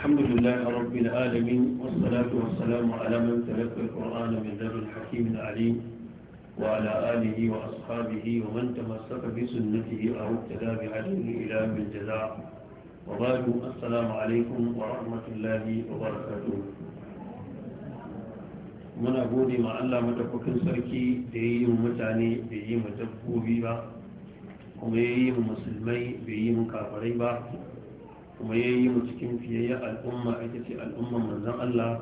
الحمد لله رب العالمين والصلاة والسلام على من تلقى القرآن من ذر الحكيم العليم وعلى آله وأصحابه ومن تمسك بسنته أو ابتدى بهديه إلى بالجزاء وبعد السلام عليكم ورحمة الله وبركاته من أقول ما ألا متفق سركي ديهم متعني بيهم تفكو بيبا ومي مسلمي بي كافري با kuma ya yi mu cikin fiyayyar al'umma ita ce al'ummar manzan Allah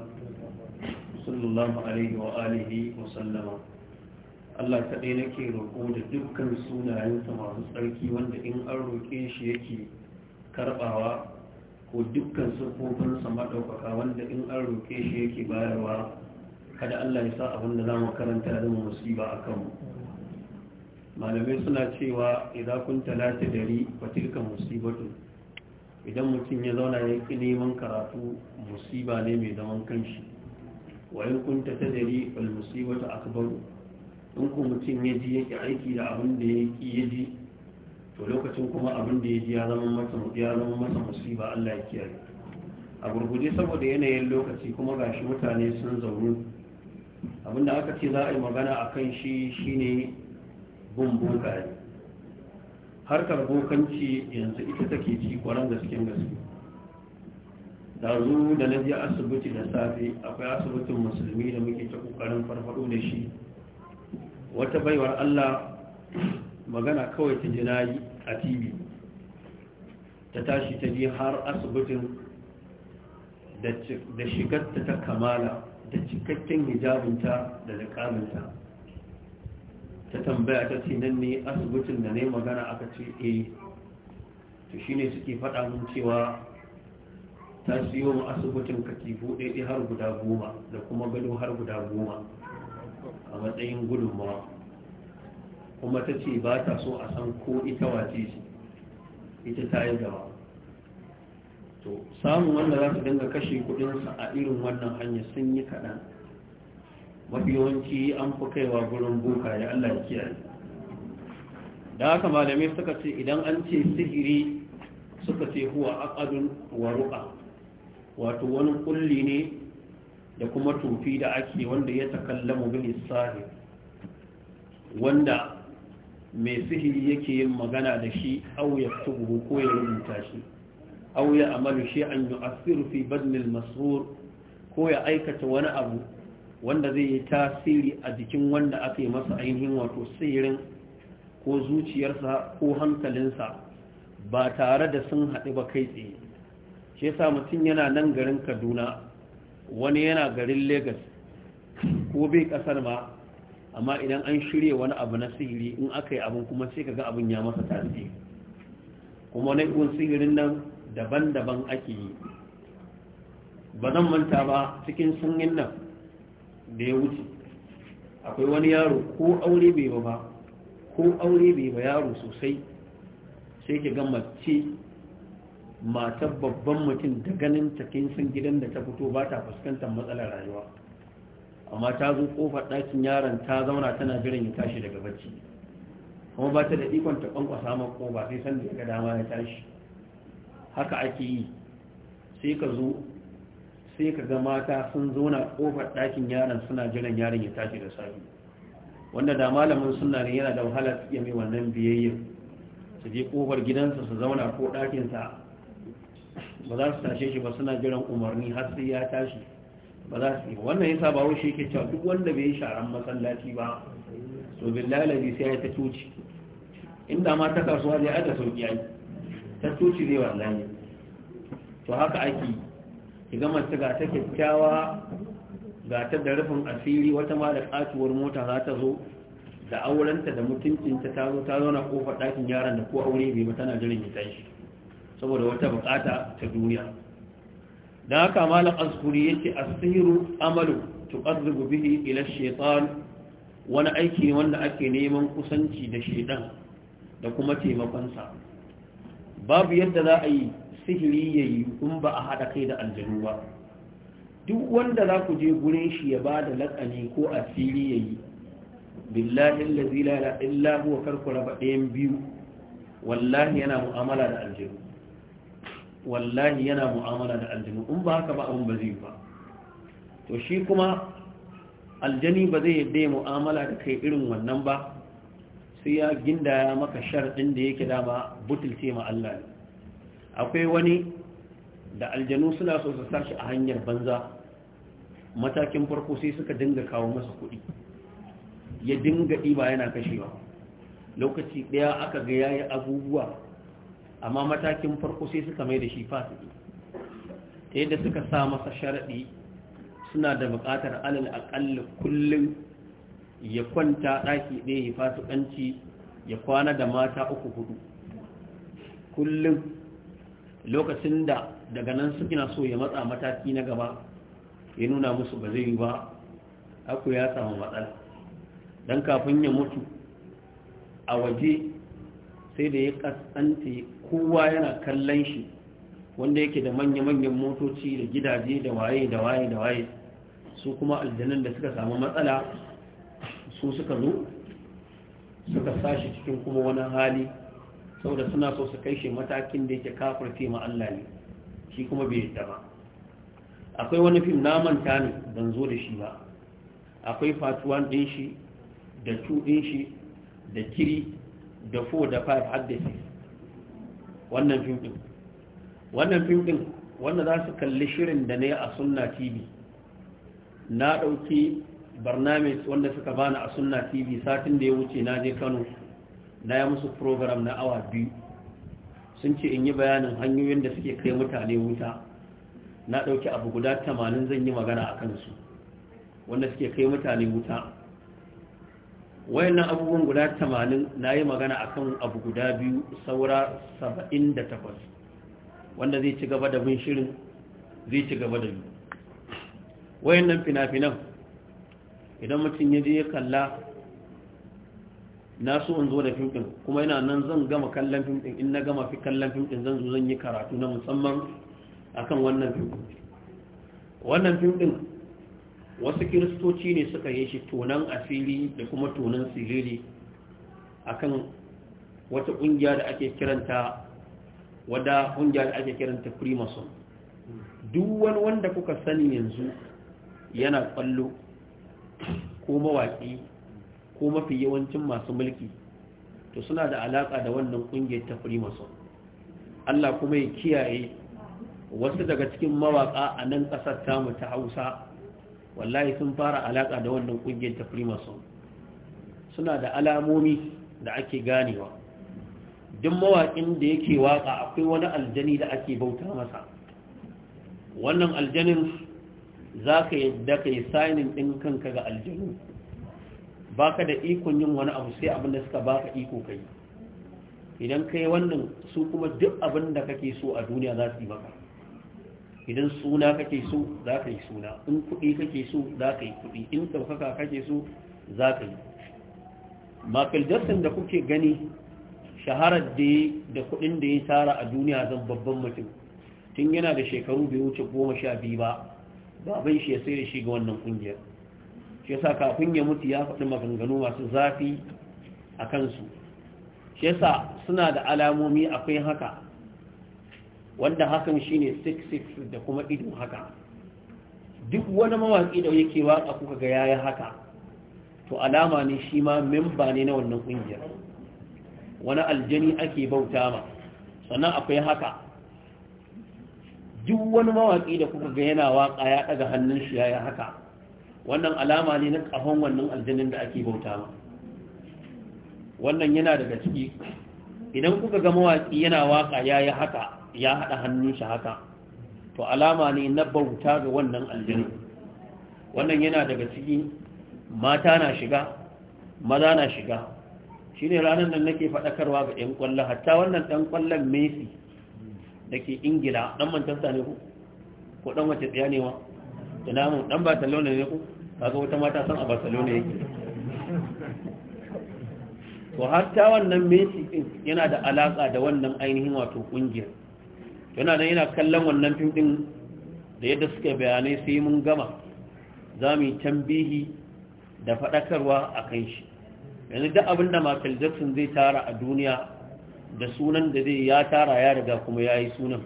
sallallahu alaihi wa alihi wa sallama Allah kaɗai nake roƙo da dukkan sunayensa masu tsarki wanda in an roƙe shi yake karɓawa ko dukkan siffofinsa maɗaukaka wanda in an roƙe shi yake bayarwa kada Allah ya sa abin da za mu karanta da mu musiba a kanmu malamai suna cewa idan kun talata dari fatilka musibatu idan mutum ya zauna ya ƙi neman karatu musiba ne mai zaman kanshi wayan kun ta tadari al ta akbaru in ku mutum ya ji yake aiki da abin da ya ƙi ya ji to lokacin kuma abin da ya ji ya zama masa ya zama masa musiba Allah ya kiyaye a gurguje saboda yanayin lokaci kuma gashi mutane sun abin abinda aka ce za a yi magana a kan shi shine bin gari harkar bokanci yanzu ita take ci kwaran gasken gaske da zo da na je asibiti da safe akwai asibitin musulmi da muke ta kokarin farfado da shi wata baiwar allah magana kawai ta jinayi a tv ta tashi ta je har asibitin da shigarta ta kamala da cikakken hijabinta da liƙaminta ta tambaya ta ce nan ne asibitin da na magana aka ce eh. to shi ne suke faɗa mun cewa ta siyo mu asibitin katifu ɗaiɗi har guda goma da kuma gado har guda goma a matsayin gudunmawa kuma ta ce ba ta so a san ko ita wace ita ta yi gaba to samun wanda za su dinga kashe kudinsa a irin wannan hanyar sun yi kaɗan mafi an fi kaiwa gurin buka ya Allah ya kiyaye da haka malamai suka ce idan an ce sihiri suka ce huwa aqadun wa ru'a wato wani kulli ne da kuma tufi da ake wanda ya takallamu bil sahi wanda mai sihiri yake yin magana da shi au ya tubu ko ya rubuta shi au ya amalu shi an yu'athiru fi badnil masrur ko ya aikata wani abu wanda zai yi tasiri a jikin wanda aka yi masa ainihin wato sirrin ko zuciyarsa ko hankalinsa ba tare da sun haɗu ba kai tsaye shi yasa mutum yana nan garin kaduna wani yana garin Legas ko bai kasar ma amma idan an shirya wani abu na sihiri in aka yi abin kuma sai kaga abin ya masa tasiri kuma na ikon sihirin nan daban-daban ake yi ba zan manta ba cikin sun yin nan da ya wuce akwai wani yaro ko aure bai ba ko aure bai ba yaro sosai sai ke ga mace matar babban mutum da ganin takin san gidan da ta fito ba ta fuskantar matsalar rayuwa amma ta zo kofar ɗakin yaron ta zauna tana jiran ya tashi daga bacci kuma ba ta da ikon ta kwankwasa ma ko ba sai san da ya ga dama ya tashi haka ake yi sai ka zo sai ka ga mata sun zauna kofar ɗakin yaron suna jiran yaron ya tashi da safi wanda da malamin suna ne yana da wahala su iya mai wannan biyayyar su je kofar gidansa su zauna ko ɗakinsa ba za su tashe shi ba suna jiran umarni har sai ya tashi ba za su yi wannan yasa ba shi yake cewa duk wanda bai yi sharan masallaci ba to billahi sai ya ta tuci inda ma ta kasuwa ne a da sauki ai ta tuci zai wallahi to haka ake ki gama ta ta kyakkyawa ga ta da rufin asiri wata ma da katuwar mota za ta zo da aurenta da mutuncinta ta zo ta zauna kofar ɗakin yaran da ko aure bai mata tana jirin ya tashi saboda wata bukata ta duniya da haka malam azkuri yake asiru amalu tuqarribu bihi ila shaitan wani aiki ne wanda ake neman kusanci da shaidan da kuma taimakonsa babu yadda za a yi sihiri ya yi in ba a haɗa kai da aljanu ba duk wanda za ku je gurin shi ya ba da laƙani ko asiri ya yi billahi lazi da illa wa karku raba ɗayan biyu wallahi yana mu'amala da aljanu wallahi yana mu'amala da aljanu in ba haka ba abin ba zai ba to shi kuma aljani ba zai yadda ya mu'amala da kai irin wannan ba sai ya ginda maka sharɗin da yake dama butulce ma Allah ne akwai wani da aljanu suna so su sashi a hanyar banza matakin farko sai suka dinga kawo masa kuɗi ya dinga ɗiba yana kashewa lokaci ɗaya aka ga yayi abubuwa amma matakin farko sai suka mai da shi fasiki ta yadda suka sa masa sharaɗi suna da buƙatar alal aƙalla kullum ya kwanta ɗaki ɗaya ya fasikanci ya kwana da mata uku hudu kullum lokacin da daga nan suna so ya matsa mataki na gaba ya nuna musu ba zai yi ba aku ya samu matsala don kafin ya mutu a waje sai da ya kasance kowa yana kallon shi wanda yake da manya-manyan motoci da gidaje da waye da waye da waye su kuma aljanin da suka samu matsala su suka zo suka sashi cikin kuma wani hali saboda suna so su kai shi matakin da yake kafar ma Allah ne shi kuma bai yadda ba akwai wani fim na manta ne ban zo da shi ba akwai fatuwan din shi da tu din shi da kiri da fo da five har da six wannan fim din wannan fim din wanda za su kalli shirin da ne a sunna tv na ɗauki barnamis wanda suka bani a sunna tv satin da ya wuce na je kano na ya musu program na awa biyu sun ce in yi bayanin hanyoyin da suke kai mutane wuta na ɗauki abu guda tamanin zan yi magana a kansu wanda suke kai mutane wuta wayannan abubuwan guda tamanin na yi magana a kan abu guda biyu saura saba'in da takwas wanda zai ci gaba da bin shirin zai ci gaba da yi wayannan fina-finan idan mutum ya je kalla na so in zo da fim ɗin kuma yana nan zan gama kallon fim ɗin in na gama fi kallon fim ɗin zan zo zan yi karatu na musamman akan wannan fim ɗin wannan fim ɗin wasu kiristoci ne suka yi shi tonan asiri da kuma tonan siriri akan wata ƙungiya da ake kiranta wada ƙungiya da ake kiranta primason duk wani wanda kuka sani yanzu yana kwallo ko mawaƙi ko mafi yawancin masu mulki to suna da alaƙa da wannan ƙungiyar ta freemason allah kuma ya kiyaye wasu daga cikin mawaƙa a nan ƙasar tamu ta hausa wallahi sun fara alaƙa da wannan ƙungiyar ta freemason suna da alamomi da ake ganewa duk mawaƙin da yake waƙa akwai wani aljani da ake bauta masa wannan aljanin za ka yadda yi sainin ɗin kanka ga aljanu baka da ikon yin wani abu sai abin da suka baka iko kai idan kai wannan su kuma duk abin da kake so a duniya za su yi maka idan suna kake so za ka yi suna in kuɗi kake so za ka yi kuɗi in ɗaukaka kake so za ka yi michael jackson da kuke gani shaharar da ya da kuɗin da ya tara a duniya zan babban mutum tun yana da shekaru bai wuce goma sha biyu ba ba bai shi ya sai da shi ga wannan ƙungiyar shi yasa kafin ya mutu ya faɗi maganganu masu zafi a kansu shi yasa suna da alamomi akwai haka wanda hakan shine 66 da kuma idin haka duk wani mawaƙi da yake waka kuka ga yayi haka to alama ne shi ma memba ne na wannan ƙungiyar wani aljani ake bauta ma sannan akwai haka duk wani mawaƙi da kuka ga yana waka ya ɗaga hannun shi yayi haka wannan alama ne na ƙahon wannan aljanin da ake bauta ba wannan yana daga ciki idan kuka ga mawaƙi yana waƙa ya yi haka ya haɗa hannun shi haka to alama ne na bauta ga wannan aljanin wannan yana daga ciki mata na shiga maza na shiga shi ne ranar nan nake faɗakarwa ga ɗan ƙwallon hatta wannan ɗan ƙwallon messi da ke ingila ɗan mantarsa ne ku ko ɗan wace tsaya ne wa da ɗan ba tallo ne ku kaga wata mata san a barcelona yake to hatta wannan messi din yana da alaka da wannan ainihin wato kungiyar yana nan yana kallon wannan fim din da yadda suka bayanai sai mun gama za mu yi tambihi da faɗakarwa a kan shi yanzu duk abin da michael jackson zai tara a duniya da sunan da zai ya tara ya riga kuma ya yi sunan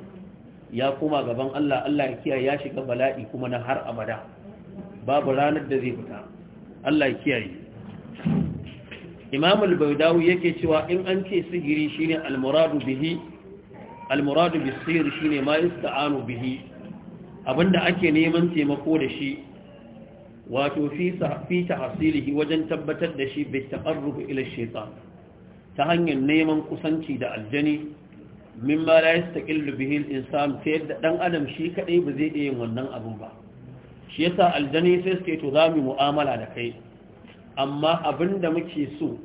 ya koma gaban allah allah ya kiyaye ya shiga bala'i kuma na har abada babu ranar da zai fita Allah ya kiyaye Imam al-Baydawi yake cewa in an ce sihiri shine al-muradu bihi al-muradu bis-sihr shine ma yasta'anu bihi abinda ake neman taimako da shi wato fi fi tahsilihi wajen tabbatar da shi bi taqarrub ila shaytan ta hanyar neman kusanci da aljani mimma la yastaqillu bihi al-insan sai da dan adam shi kadai ba zai iya yin wannan abun ba shi yasa aljani sai suke to za mu mu'amala da kai amma abin da muke so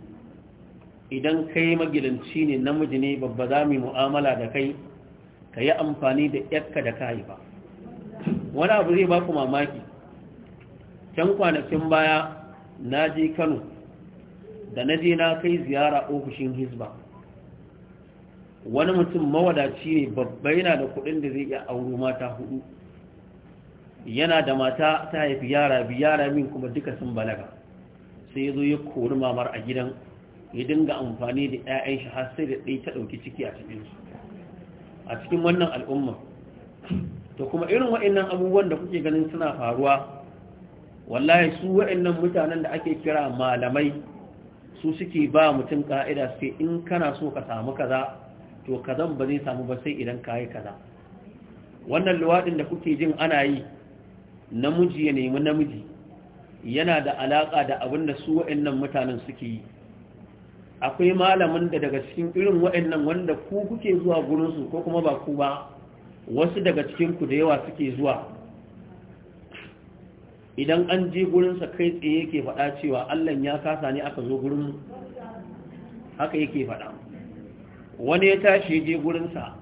idan kai magilanci ne namiji ne babba za mu mu'amala da kai ka yi amfani da yakka da kayi ba wani abu zai ba ku mamaki can kwanakin baya na je kano da na je na kai ziyara ofishin hizba wani mutum mawadaci ne babba yana da kudin da zai iya auro mata hudu yana da mata ta haifi yara biyu yara min kuma duka sun balaga sai ya zo ya kori mamar a gidan ya dinga amfani da 'ya'yan shi har sai da ɗaya ta ɗauki ciki a cikin a cikin wannan al'umma to kuma irin waɗannan abubuwan da kuke ganin suna faruwa wallahi su wa'annan mutanen da ake kira malamai su suke ba mutum ka'ida sai in kana so ka samu kaza to kazan ba zai samu ba sai idan kayi kaza wannan luwaɗin da kuke jin ana yi namiji ya nemi namiji yana da alaƙa da abin da su waannan mutanen suke yi akwai malamin da daga cikin irin wa'annan wanda ku kuke zuwa gurinsu ko kuma ba ku ba wasu daga cikinku da yawa suke zuwa idan an je gurinsa kai tsaye yake faɗa cewa allan ya kasa ne aka zo gurin haka yake faɗa wani ya tashi je gurinsa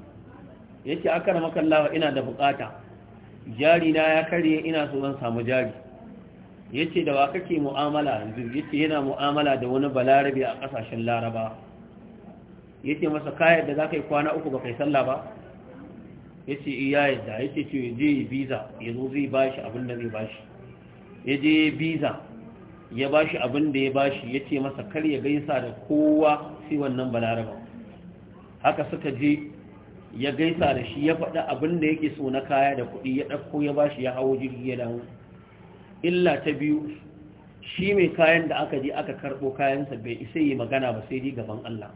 yake aka ramakallawa ina da bukata jari na ya karye ina so zan samu jari yace da wa kake mu'amala yanzu yace yana mu'amala da wani balarabi a kasashen laraba yace masa kayan da zaka yi kwana uku ba kai sallah ba yace iya eh, yadda yace ce je visa yanzu zai bashi abin da zai bashi yaje visa ya bashi abin da ya bashi yace masa kar ya gaisa da kowa sai wannan balaraba haka suka je ya gaisa da shi ya faɗi abin da yake so na kaya da kuɗi ya ɗauko ya ba shi ya hawo jirgi ya dawo illa ta biyu shi mai kayan da aka je aka karɓo kayansa bai isa yi magana ba sai dai gaban Allah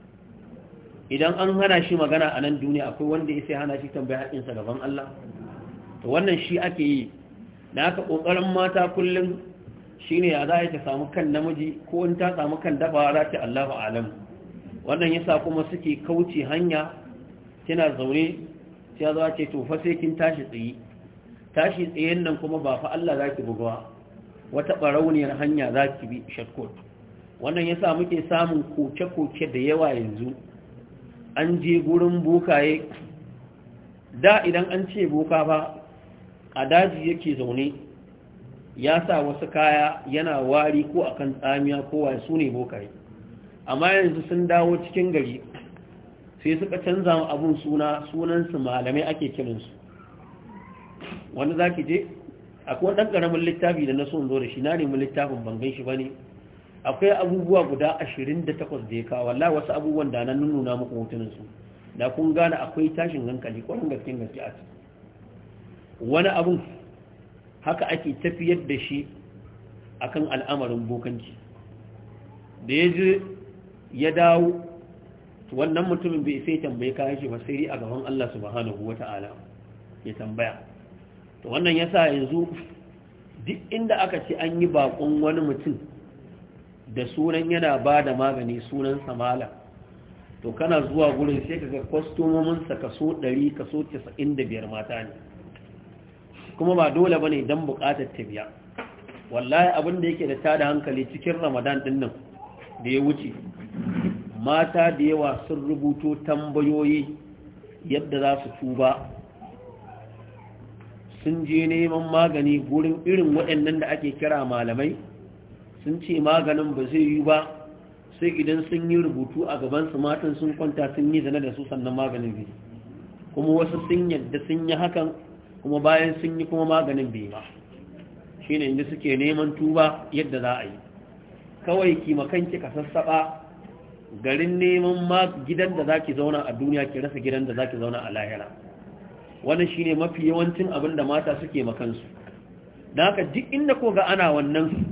idan an hana shi magana a nan duniya akwai wanda ya sai hana shi tambaya haƙinsa gaban Allah to wannan shi ake yi na aka ƙoƙarin mata kullum shine ya za a yi ta samu kan namiji ko in ta samu kan dafa za ta Allahu alam wannan yasa kuma suke kauce hanya kina zaune sai ya zo ce to fa sai kin tashi tsaye tashi tsayen nan kuma ba fa Allah zaki bugawa wata barauniyar hanya zaki bi shortcut wannan yasa muke samun koke-koke da yawa yanzu an je gurin bokaye da idan an ce boka ba a daji yake zaune ya sa wasu kaya yana wari ko akan tsamiya ko wa su ne bokaye amma yanzu sun dawo cikin gari sai suka canza abun suna sunansu malamai ake kiransu wanda za ki je akwai ɗan ƙaramin littafi da na son zo da shi na nemi littafin bangan shi ba ne akwai abubuwa guda ashirin da da ya kawo wallahi wasu abubuwan da na nuna muku hotunansu da kun gane akwai tashin hankali kwarin gaske gaske a wani abun haka ake tafiyar da shi akan al'amarin bokanci da ya je ya dawo wannan mutumin bai sai tambayi kayan shi ba sai a gaban Allah subhanahu ta'ala ya tambaya to wannan ya sa yanzu duk inda aka ce an yi bakon wani mutum da sunan yana ba da magani sunan samala to kana zuwa gurin sai ka ga kwastomominsa kaso 100 kaso biyar mata ne kuma ba dole ba ne don bukatar tafiya wallahi abin da yake da tada hankali cikin ramadan din nan da ya wuce mata da yawa sun rubuto tambayoyi yadda za su tuba sun je neman magani gurin irin waɗannan da ake kira malamai sun ce maganin ba zai yi ba sai idan sun yi rubutu a gabansu matan sun kwanta sun yi zane da su sannan maganin biyu kuma wasu sun yadda sun yi hakan kuma bayan sun yi kuma maganin biyu ba shi ne inda suke neman tuba yadda za a yi kawai kimakanki ka sassaɓa garin neman ma gidan da zaki zauna a duniya ki rasa gidan da zaki zauna a lahira wannan shine mafi yawancin abin da mata suke makansu da haka duk inda ko ga ana wannan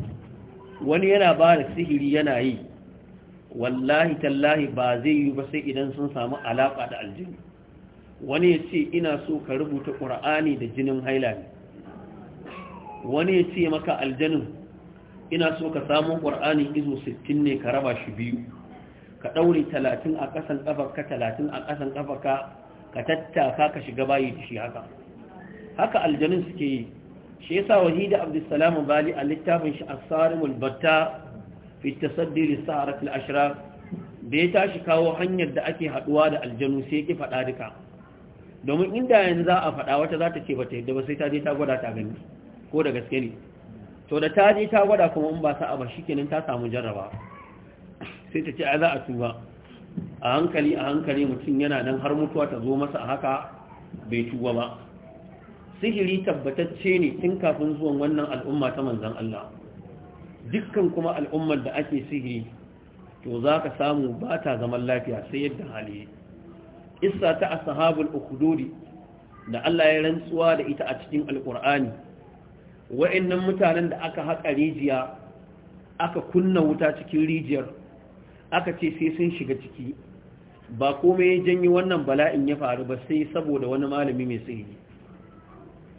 wani yana ba da sihiri yana yi wallahi tallahi ba zai yi ba sai idan sun samu alaƙa da aljini wani ya ce ina so ka rubuta ƙura'ani da jinin haila ne wani ya ce maka aljanin ina so ka samu ƙura'ani izo sittin ne ka raba shi biyu ka ɗaure talatin a ƙasan ƙafarka talatin a ƙasan ƙafarka ka tattaka ka shiga bayi da shi haka haka aljanin suke yi shi yasa wahida abdulsalam bali a littafin shi asarimul batta fi tasaddi lisarat da ya tashi kawo hanyar da ake haduwa da aljanu sai ki faɗa duka domin inda yanzu za a faɗa wata za ta ce bata yadda ba sai ta je ta gwada ta gani ko da gaske ne to da ta je ta gwada kuma in ba sa'a ba shikenan ta samu jarraba sai ta ce a za a tuba a hankali a hankali mutum yana nan har mutuwa ta zo masa haka bai tuba ba sihiri tabbatacce ne tun kafin zuwan wannan al'umma ta manzan Allah dukkan kuma al'ummar da ake sihiri to za ka samu ba ta zaman lafiya sai yadda hali Issa ta asahabul ukhdudi da Allah ya rantsuwa da ita a cikin alkur'ani wa'annan mutanen da aka haƙa rijiya aka kunna wuta cikin rijiyar aka ce sai sun shiga ciki ba komai ya janyi wannan bala'in ya faru ba sai saboda wani malami mai sihiri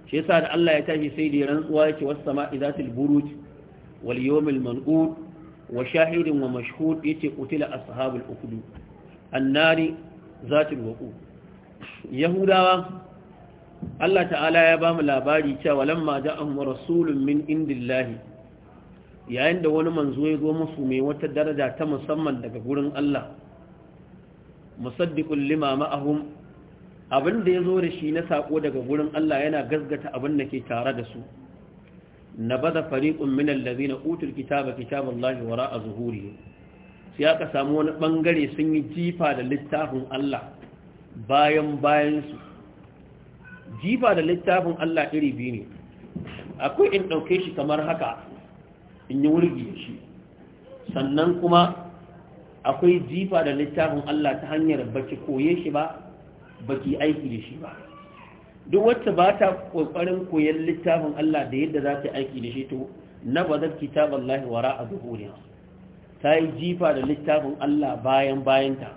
shi yasa da Allah ya tashi sai da rantsuwa yake wasu sama'i zatil buruj wal yawmil manqud wa shahidin wa mashhud yace qutila ashabul ukhdud annari zatil waqud yahudawa Allah ta'ala ya ba mu labari cewa lamma ja'ahum rasulun min indillahi yayin da wani manzo ya zo musu mai wata daraja ta musamman daga gurin Allah musaddiqul lima ma'ahum abin da ya zo da shi na sako daga gurin Allah yana gazgata abin da ke tare da su nabada fariqun min allazina utul kitaba kitaballahi wara'a Zuhuri. sai aka samu wani bangare sun yi jifa da littafin Allah bayan bayan su jifa da littafin Allah iri biyu ne akwai in dauke shi kamar haka in yi wurgi shi sannan kuma akwai jifa da littafin Allah ta hanyar baki koye shi ba baki aiki da shi ba duk wacce ba ta kokarin littafin Allah da yadda za ta aiki da shi to na bazar kitab Allah wara a zuhuriya ta yi jifa da littafin Allah bayan bayanta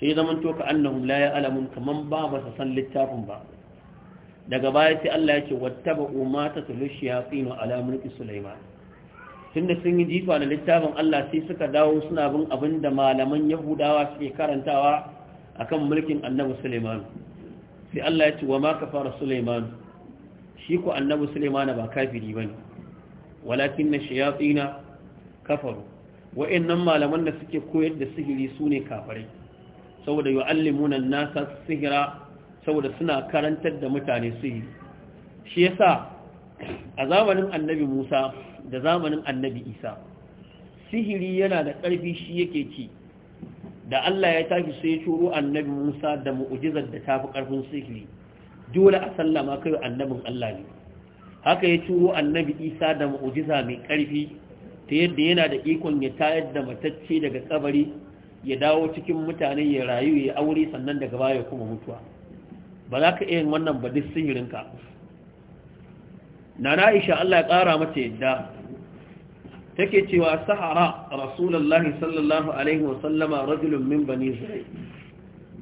sai zaman to ka annahum la alamun kaman ba ba san littafin ba daga baya sai Allah ya ce wattaba ta tulushiya qinu ala mulki sulaiman tunda sun yi jifa da littafin Allah sai suka dawo suna bin abin da malaman yahudawa suke karantawa akan mulkin annabi suleiman sai Allah ya ce wa ma kafara suleiman shi ko annabi suleiman ba kafiri bane walakin na shayatina kafaru wa'annan malaman da suke koyar da sihiri sune kafari. saboda yu'allimuna an-nasa sihira saboda suna karantar da mutane sihiri shi yasa a zamanin annabi musa da zamanin annabi isa sihiri yana da ƙarfi shi yake ci da allah ya tafi sai ya shuru annabi musa da mu'ujizar da tafi ƙarfin sihiri dole a sallama kai annabin allah ne haka ya turo annabi isa da mu'ujiza mai ƙarfi ta yadda yana da ikon ya tayar da matacce daga kabari ya dawo cikin mutane ya rayu ya aure sannan daga baya kuma mutuwa ba za ka iya wannan ba duk sihirinka na na'isha Allah ya ƙara mata yadda take cewa sahara rasulullahi sallallahu alaihi wasallama rajulun min bani zurek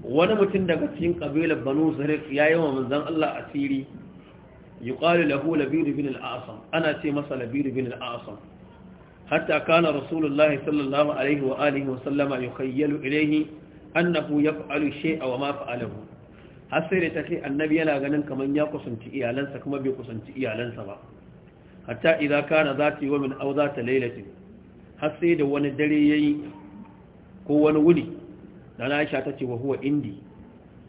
wani mutum daga cikin ƙabilar banu zurek ya yi wa manzan Allah asiri yi ƙwari lahu labiru bin al'asam ana ce masa labiru bin al'asam hatta kana rasulullahi sallallahu alaihi wa alihi wasallama yukhayyalu ilaihi annahu yaf'alu shay'a wa ma fa'alahu har sai da ta kai annabi yana ganin kamar ya kusanci iyalansa kuma bai kusanci iyalansa ba hatta idan kana za ta wa min au za ta lailati har sai da wani dare ya yi ko wani wuni da na aisha ta ce wa huwa indi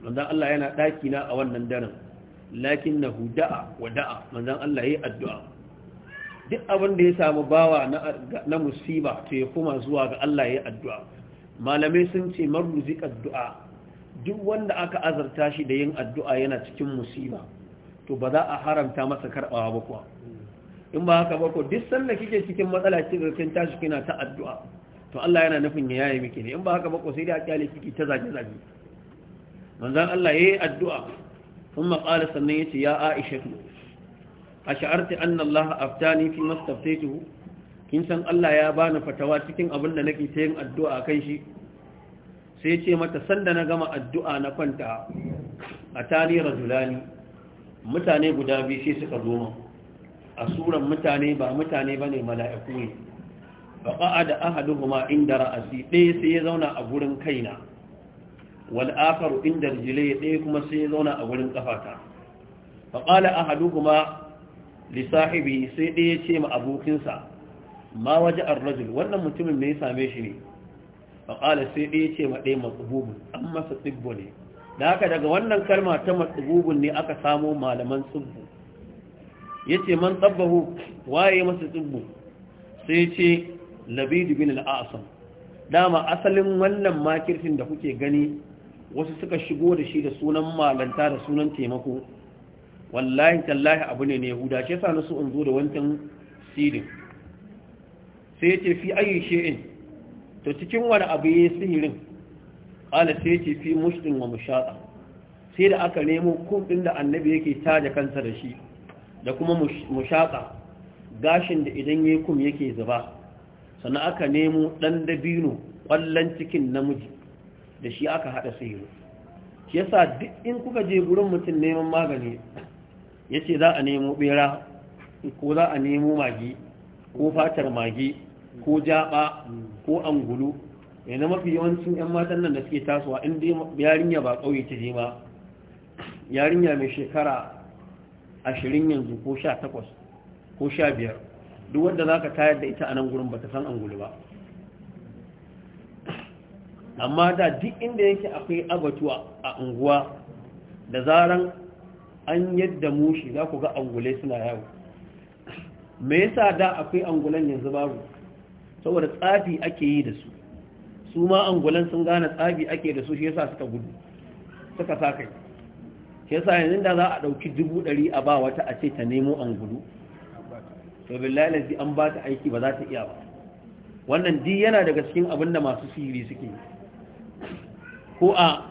manzan Allah yana ɗaki na a wannan daren lakin na huda'a wa da'a manzan Allah ya yi addu'a duk abin da ya samu bawa na musiba to ya kuma zuwa ga Allah ya yi addu'a malamai sun ce maruzikar addu'a. duk wanda aka azarta shi da yin addu'a yana cikin musiba to ba za a haramta masa karɓawa ba kuwa in ba haka ba ko duk sanda kike cikin matsala cikin kin tashi kina ta addu'a to Allah yana nufin ya yaye miki ne in ba haka ba ko sai dai a kyale kiki ta zaki zaki manzon Allah yayi addu'a kuma qala sannan yace ya Aisha ash'arti anna Allah aftani fi mastaftaytuhu kin san Allah ya bani fatawa cikin abin da nake ta yin addu'a kan shi sai ce mata sanda na gama addu'a na kwanta a tani rajulani mutane guda biyu sai suka zo a suran mutane ba mutane ba ne mala'iku ne faƙa'a da ahaduhuma inda ra'asi ɗaya sai ya zauna a gurin kaina wal'afar inda rijile ɗaya kuma sai ya zauna a gurin ƙafata faƙala ahaduhuma lissahibi sai ɗaya ce ma abokinsa ma waje rajul, wannan mutumin me ya same shi ne faƙala sai ɗaya ce ma ɗaya matsububun an masa tsibbo ne da haka daga wannan kalma ta matsububun ne aka samo malaman tsibbo ya ce man tsabbahu waye masa tsibbo sai ce labidu bin al'asam dama asalin wannan makirtin da kuke gani wasu suka shigo da shi da sunan malanta da sunan taimako wallahi tallahi abu ne na yahuda shi yasa na so in zo da wancan sidin sai ya ce fi ayi shi'in to cikin wani abu ya yi sihirin ƙala sai ce fi mushdin wa mushaɗa sai da aka nemo kuɗin da annabi yake taja kansa da shi da kuma mushaɗa gashin da idan ya kum yake zuba sannan aka nemo ɗan dabino ƙwallon cikin namiji da shi aka haɗa sihirin shi yasa duk in kuka je gurin mutum neman magani ya ce za a nemo ɓera ko za a nemo magi ko fatar magi ko jaba ko angulu na mafi yawancin 'yan matan nan da suke tasowa inda yarinya ba kauye ta je ba yarinya mai shekara ashirin yanzu ko sha takwas ko sha biyar duk wanda za ka tayar da ita a nan gurin ba ta san angulu ba amma da duk inda yake akwai abatuwa a unguwa da zaran an yadda mushi za ku ga angulai suna yawo me yasa da akwai angulan yanzu babu saboda tsafi ake yi da su su ma angulan sun gane tsafi ake da su shi yasa suka gudu suka sa kai shi yasa yanzu da za a ɗauki dubu ɗari a ba wata a ce ta nemo angulu to billahi lazi an ba ta aiki ba za ta iya ba wannan di yana daga cikin abin da masu sihiri suke ko a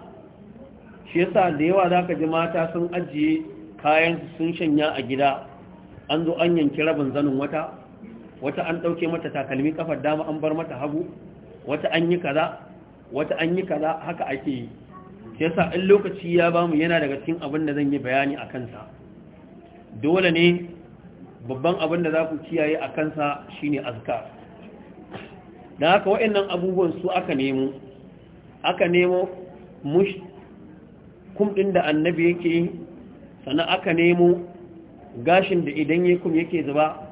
shi yasa da yawa za ka ji mata sun ajiye kayan sun shanya a gida an zo an yanki rabin zanin wata wata an ɗauke mata takalmi kafar dama an bar mata hagu wata an yi kaza wata an yi kaza haka ake yi shi yasa in lokaci ya bamu yana daga cikin abin da zan yi bayani a kansa dole ne babban abin da za ku kiyaye a kansa shine azkar da haka waɗannan abubuwan su aka nemo aka nemo kumɗin da annabi yake sannan aka nemo gashin da idan ya kum yake zuba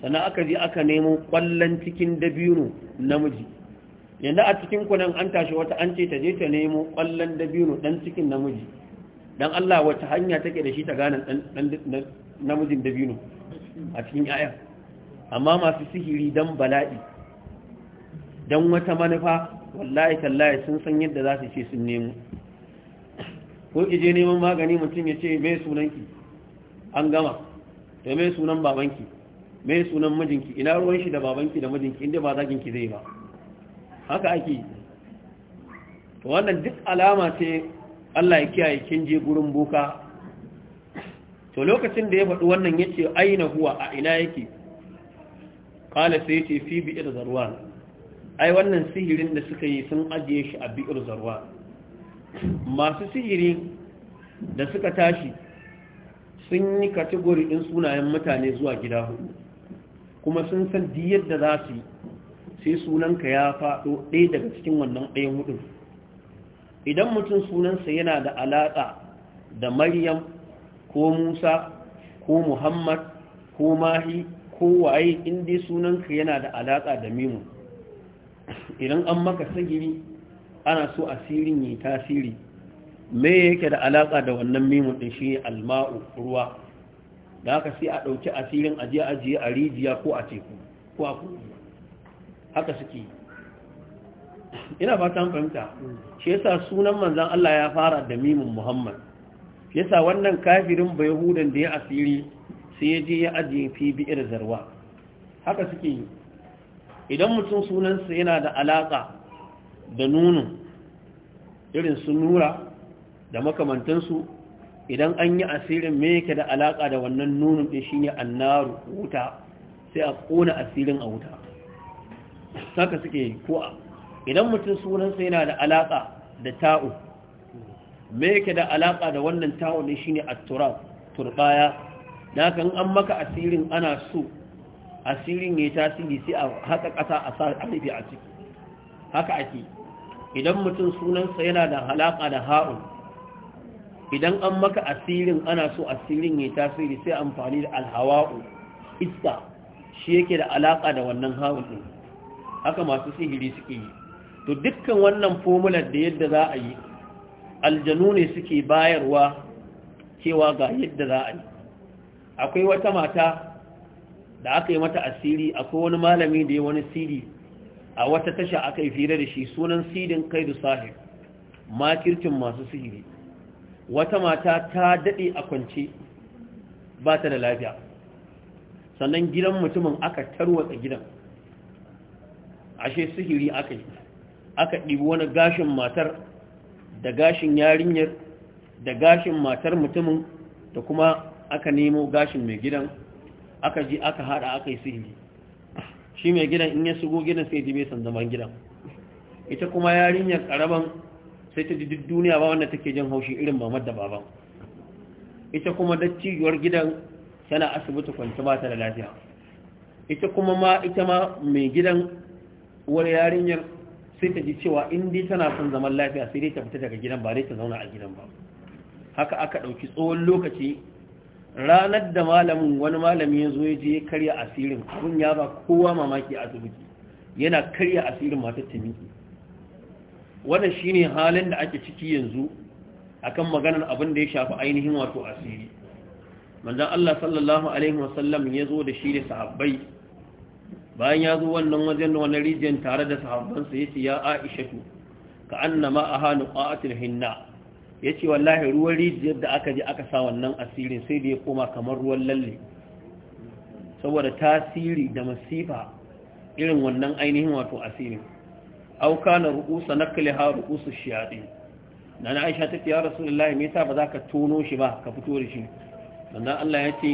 sannan aka je aka nemo kwallon cikin dabino namiji yanda a cikin kunan an tashi wata an ce ta je ta nemo kwallon dabino dan cikin namiji dan Allah wata hanya take da shi ta gane dan namijin dabino a cikin 'ya'ya amma masu sihiri dan bala'i dan wata manufa wallahi tallahi sun san yadda za su ce sun nemo ko ki je neman magani mutum ya ce mai sunanki an gama to mai sunan babanki Mai sunan mijinki ina ruwan shi da babanki da mijinki inda ba zagin zai ba haka ake to wannan duk alama ce Allah ya kiyaye kin je gurin boka to lokacin da ya faɗi wannan yace aina huwa a ina yake qala sai ce fi bi'ir zarwan ai wannan sihirin da suka yi sun ajiye shi a bi'ir zarwa masu sihiri da suka tashi sun yi kategori din sunayen mutane zuwa gida hudu kuma sun san diyar da za su yi sai sunanka ya faɗo ɗaya daga cikin wannan ɗayan hudun idan mutum sunansa yana da alaƙa da maryam ko musa ko muhammad ko mahi ko waye inda sunanka yana da alaƙa da mimu idan an maka sagiri ana so asirin yi tasiri me yake da alaƙa da wannan mimu ɗin shi alma'u ruwa da haka sai a ɗauki asirin ajiye ajiye a rijiya ko a teku ko a kuma haka suke ina fatan fahimta shi yasa sunan manzan Allah ya fara da mimin Muhammad shi yasa wannan kafirin bai da ya asiri sai ya je ya ajiye fi bi'ir zarwa haka suke yi idan mutum sunansa yana da alaƙa da nunu irin su nura da makamantansu idan an yi asirin me yake da alaka da wannan nunin din shine annaru wuta sai a kona asirin a wuta saka suke ko idan mutum sunansa yana da alaka da ta'u me yake da alaka da wannan ta'u din shine at-turab turbaya da kan an maka asirin ana so asirin ya tasiri sai a haka ƙasa a sa alifi a ciki haka ake idan mutum sunansa yana da alaka da ha'un idan an maka asirin ana so asirin ya tasiri sai amfani da alhawa'u iska shi yake da alaka da wannan hawun in. haka masu sihiri suke yi to dukkan wannan fomular da yadda za a yi aljanu ne suke bayarwa cewa ga yadda za a yi akwai wata mata da aka yi mata asiri akwai wani malami da ya wani siri a wata tasha aka yi fira da shi sunan sidin kaidu sahib makircin masu sihiri wata mata ta daɗe a kwance ba ta da lafiya sannan gidan mutumin aka a gidan ashe sihiri aka yi aka ɗibi wani gashin matar da gashin yarinyar da gashin matar mutumin da kuma aka nemo gashin mai gidan aka ji aka haɗa aka yi sihiri shi mai gidan in ya shigo gidan sai dibe sandaman gidan ita kuma yarinyar ƙaraban sai ta duk duniya ba wanda take jin haushi irin mamar da baban ita kuma dattijowar gidan tana asibiti kwanci ba ta da lafiya ita kuma ma ita ma mai gidan wani yarinyar sai ta ji cewa in tana son zaman lafiya sai dai ta fita daga gidan ba dai ta zauna a gidan ba haka aka ɗauki tsohon lokaci ranar da malamin wani malami ya zo ya je ya karya asirin abin ya ba kowa mamaki asibiti yana karya asirin matar wannan shine halin da ake ciki yanzu akan maganar abin da ya shafi ainihin wato asiri manzon Allah sallallahu alaihi wasallam ya zo da shi da sahabbai bayan ya zo wannan wajen da wannan rijiyar tare da sahabbansa ce ya Aisha ka annama ahanu qa'atil hinna ce wallahi ruwan rijiyar da aka je aka sa wannan asirin sai da ya koma kamar ruwan lalle saboda tasiri da masifa irin wannan ainihin wato asirin aw kana ru'usa nakliha ru'usu shayatin nan Aisha ta ce ya Rasulullahi me yasa ba za ka tono shi ba ka fito da shi sannan Allah ya ce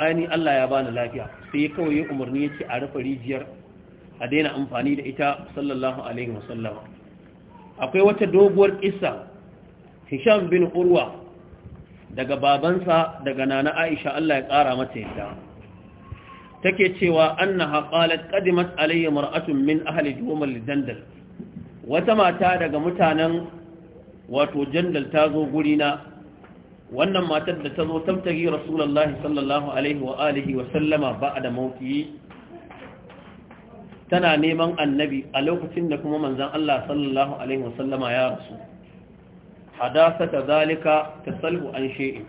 aini Allah ya bani lafiya sai kawai ya umarni ya ce a rufe rijiyar a daina amfani da ita sallallahu alaihi wasallama akwai wata doguwar kissa Hisham bin Urwa daga babansa daga nana Aisha Allah ya kara mata yadda take cewa annaha qalat qadimat alayya mar'atun min ahli jumal jandal wata mata daga mutanen wato jandal ta zo guri na wannan matar da ta zo tabtagi rasulullahi sallallahu alaihi wa alihi wa sallama ba'da tana neman annabi a lokacin da kuma manzon Allah sallallahu alaihi wa sallama ya rasu hadasa ta zalika tasalbu an shay'in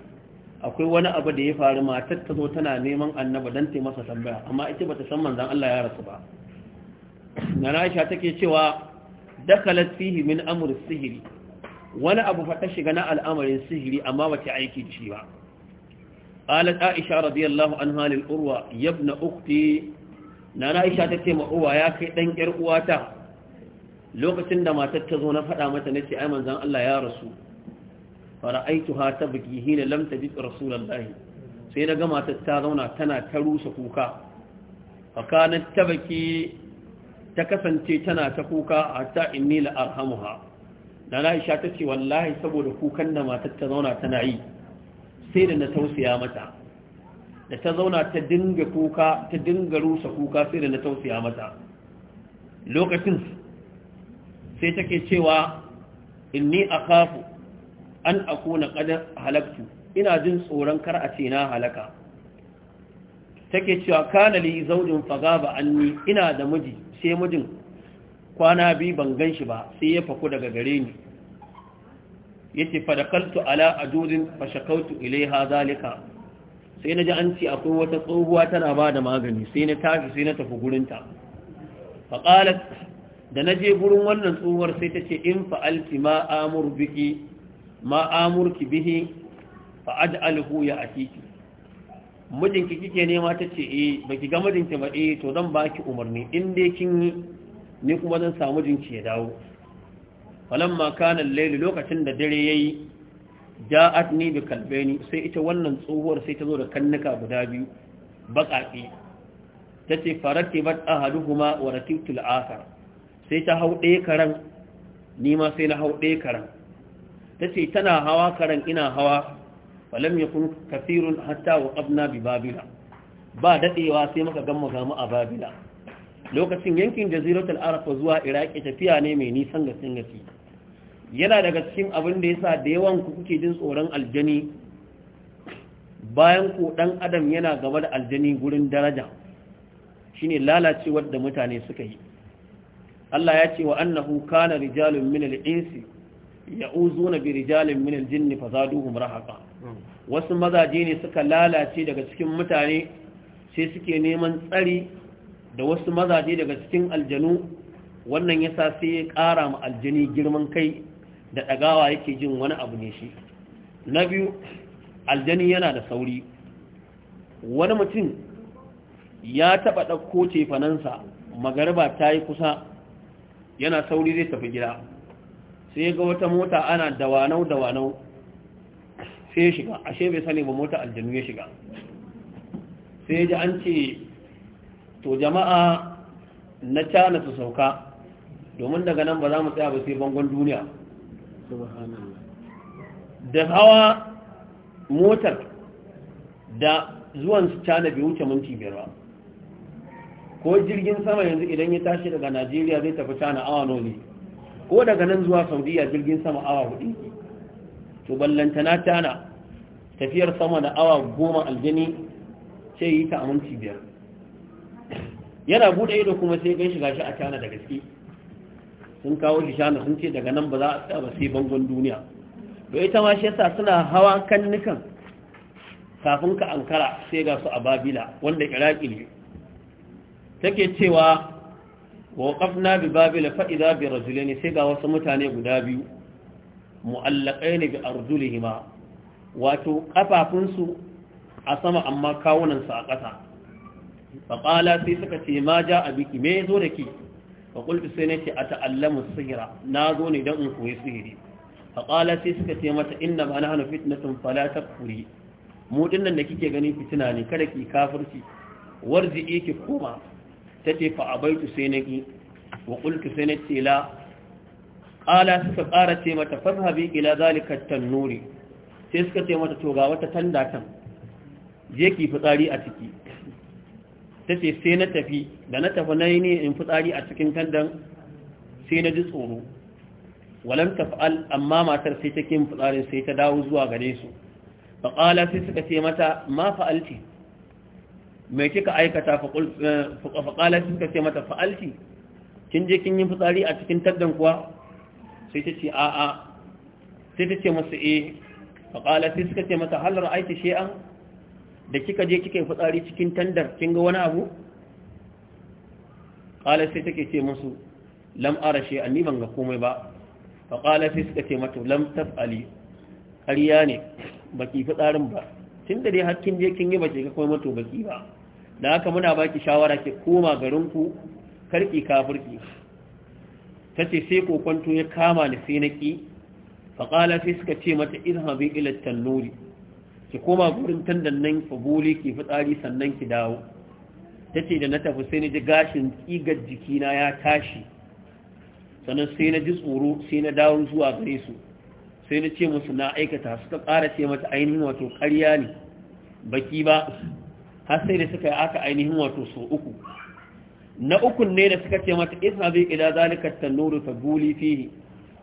akwai wani abu da ya faru matar ta zo tana neman annaba don taimaka masa tambaya amma ita bata san manzan Allah ya rasu ba na Aisha take cewa dakalat fihi min amr sihiri wani abu faɗa shiga na al'amarin sihiri amma bata aiki shi ba qalat Aisha radiyallahu an halin urwa yabna ukhti na Aisha ce ma uwa ya kai dan yar uwata lokacin da matar ta zo na faɗa mata nace ai manzan Allah ya rasu fara'aituha ta baki, lam tajid rasulullahi sai na gama ta ta zauna tana ta rusa kuka ta baki ta kasance tana ta kuka hatta inni la arhamuha dan Aisha tace wallahi saboda kukan da matar ta zauna tana yi sai da na tausaya mata da ta zauna ta dinga kuka ta dinga rusa kuka sai da na tausaya mata lokacin sai take cewa inni akhafu an akuna qad halaktu ina jin tsoron kar a ce na halaka take cewa kana li zawjun fagaba anni ina da miji sai mijin kwana bi ban ganshi ba sai ya faku daga gare ni yace kaltu ala ajudin fashakautu ilaiha zalika sai na ji an ce akwai wata tsohuwa tana ba da magani sai na tafi sai na tafi gurinta faƙalat da naje gurin wannan tsohuwar sai tace ce in fa'alti ma amur biki ma amurki bihi fa aj'alhu ya atiki mijinki kike nema ta ce eh baki ga mijinki ba eh to zan baki umarni in dai kin ni kuma zan samu jinki ya dawo falamma kana al-layl lokacin da dare yayi ja'at ni bi kalbaini sai ita wannan tsohuwar sai ta zo da kannuka guda biyu baƙaƙe tace bat ahaduhuma wa ratibtul akhar sai ta hau ɗaya karan ni ma sai na hau ɗaya karan tace tana hawa karan ina hawa falam yakun kathirun hatta waqabna bi babila ba daɗewa sai muka gamma gamu a babila lokacin yankin jaziratul arab zuwa iraki tafiya ne mai nisan gasin gaske yana daga cikin abin da yasa da yawan ku kuke jin tsoron aljani bayan ku dan adam yana gaba da aljani gurin daraja shine lalacewar da mutane suka yi Allah ya ce wa annahu kana rijalun min al-insi ya'uzuna bi rijalin min al fa fazaduhum rahaqa wasu mazaje ne suka lalace daga cikin mutane sai suke neman tsari da wasu mazaje daga cikin aljanu wannan yasa sai ya ƙara ma aljani girman kai da ɗagawa yake jin wani abu ne shi na biyu aljani yana da sauri wani mutum ya taɓa ɗauko cefanansa magariba ta yi kusa yana sauri zai tafi gida sai ga wata mota ana dawanau dawanau sai shiga ashe bai sani ba mota aljanu ya shiga sai ji an ce to jama'a na cana su sauka domin daga nan ba za mu tsaya ba sai bangon duniya da hawa motar da zuwan su cana bai wuce minti biyar ba ko jirgin sama yanzu idan ya tashi daga najeriya zai tafi cana awa ne ko daga nan zuwa saudiya jirgin sama awa hudu to ballantana tana tafiyar sama da awa goma aljani sai yi ta aminci biyar yana buɗe ido kuma sai gan shiga shi a tana da gaske sun kawo shi shana sun ce daga nan ba za a tsaya sai bangon duniya to ita ma shi yasa suna hawa kannukan kafin ka ankara sai ga su a babila wanda iraki ne take cewa waƙaf na bi babila fa’iza bi rajule ne sai ga wasu mutane guda biyu mu’allakai ne bi arzule hima wato ƙafafinsu a sama amma kawunansu a ƙasa faƙala sai suka ce ma ja a biki me zo da ke faƙulfi sai na ce a ta’allama sihira na zo ne don in koyi sihiri faƙala sai suka ce mata inda ba na hannu fitnatin falatar kuri mu ɗin da kike ganin fitina ne kada ki kafirci warji'i ki koma tace fa abaitu sai na wa qultu sainati la qala suka qara ce mata fadhhabi ila zalika tannuri sai suka ce mata to ga wata tanda kan je ki fitsari a ciki ta sai na tafi da na tafi nayi ne in fitsari a cikin tandan sai na ji tsoro walam taf'al amma matar sai take kin fitsarin sai ta dawo zuwa gare su qala sai suka ce mata ma fa'alti mai kika aikata faƙalar eh, suka ce mata fa'alti kin je kin yi fitsari a cikin taddan kuwa sai ta ce a'a sai ta ce masu e eh. Faƙala sai suka ce mata halar aiki she'an da kika je kika yi fitsari cikin tandar kin ga wani abu ƙalar sai take ce masu lam’ara ara she'an ni ban ga komai ba Faƙala sai suka ce mata lam taf'ali ƙarya ne baki fitsarin ba tun da dai hakkin je kin yi ba ke ga kuma mato baki ba da haka muna baki shawara ki koma garin garinku karki kafirki ta ce sai kokonto ya kama ni sai naki ƙi faƙala sai suka ce mata izhabi ila tannuri ki koma gurin tandan nan ki ki fitsari sannan ki dawo ta ce da na tafi sai na ji gashin ƙigar jikina ya tashi sannan sai na ji tsoro sai na dawo zuwa gare su sai na ce musu na aikata suka ƙara ce mata ainihin wato ƙarya ne baki ba har sai da suka yi aka ainihin wato so uku na ukun ne da suka ce mata isa zai ila zalika tanuru ta guli fihi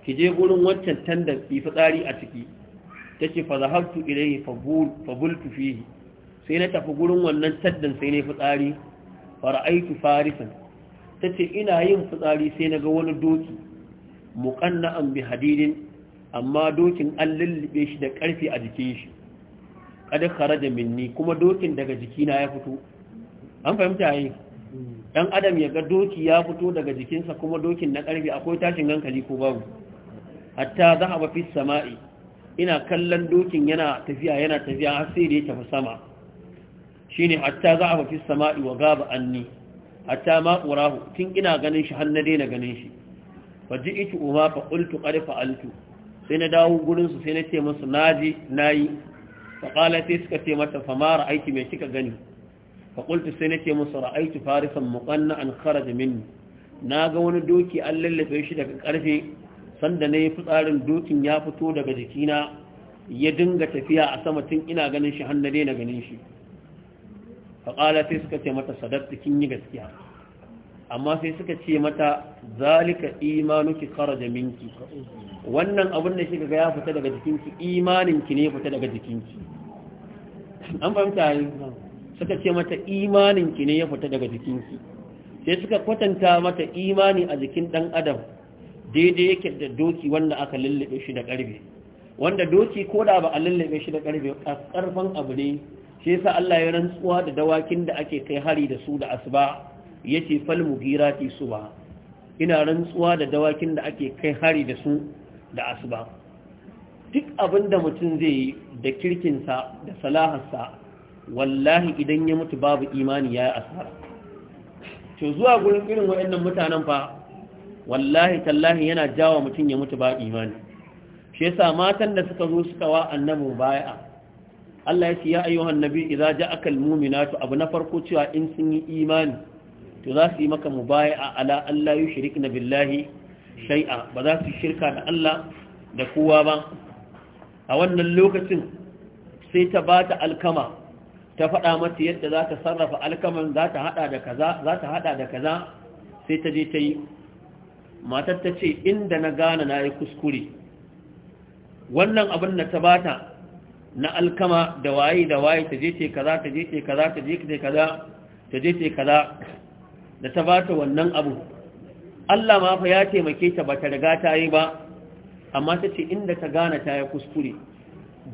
ki je gurin wancan tandan fitsari a ciki take fa zahabtu ilayhi fa bultu fihi sai na tafi gurin wannan taddan sai ne fitsari fara'aitu farisan tace ina yin fitsari sai na ga wani doki muqanna'an bi hadidin amma dokin an lullube shi da karfi a jikin shi kada kharaja minni kuma dokin daga jikina ya fito an fahimta yi dan adam ya ga doki ya fito daga jikinsa kuma dokin na karfi akwai tashin hankali ko babu hatta zahaba fi sama'i ina kallon dokin yana tafiya yana tafiya har sai da ya tafi sama shine hatta zahaba fi sama'i wa gaba anni hatta ma qurahu tun ina ganin shi har na daina ganin shi faji itu uma fa qultu qad fa'altu sai na dawo gurin su sai na ce musu naji nayi faƙala sai suka ce mata famara aiki mai kika gani faƙultu sai na ce musu ra'aitu farisan muƙanna an kara da mini na ga wani doki an lallafe shi daga karfe sanda na yi fitsarin dokin ya fito daga jikina ya dinga tafiya a sama tun ina ganin shi hannu na ganin shi faƙala sai suka ce mata sadar kin yi gaskiya amma sai suka ce mata zalika imanuki kharaja minki wannan abin da kika ga ya fita daga jikinki imaninki ne fita daga jikinki an fahimta ne suka ce mata imaninki ne ya fita daga jikinki sai suka kwatanta mata imani a jikin dan adam daidai yake da doki wanda aka lullube shi da karfe wanda doki ko da ba a lullube shi da karfe karfan abu ne shi sa Allah ya rantsuwa da dawakin da ake kai hari da su da asuba Ya ce gira fal su ba. ina rantsuwa da dawakin da ake kai hari da su da asuba duk abin da mutum zai yi da kirkinsa da salahansa wallahi idan ya mutu babu imani ya yi asara to zuwa gurin irin waɗannan mutanen fa wallahi tallahi yana jawa mutum ya mutu babu imani shi yasa matan da suka zo suka wa annabi baya. Allah ya ce ya ayyuhan nabi idza ja'aka almu'minatu abu na farko cewa in sun yi imani to za su yi maka mubaya ala Allah yi shirik na billahi shai'a ba za su shirka da Allah da kowa ba a wannan lokacin sai ta ba ta alkama ta faɗa mata yadda za ta sarrafa alkaman za ta haɗa da kaza sai ta je ta yi matar ta ce inda na gane na yi kuskure wannan abin da ta ba ta, na alkama da waye da waye ta je ce kaza ta je ce kaza ta je ce kaza ta je ce kaza da ta ba ta wannan abu Allah ma fa ya taimake ta ba ta riga ta yi ba amma ta ce inda ta gane ta ya kuskure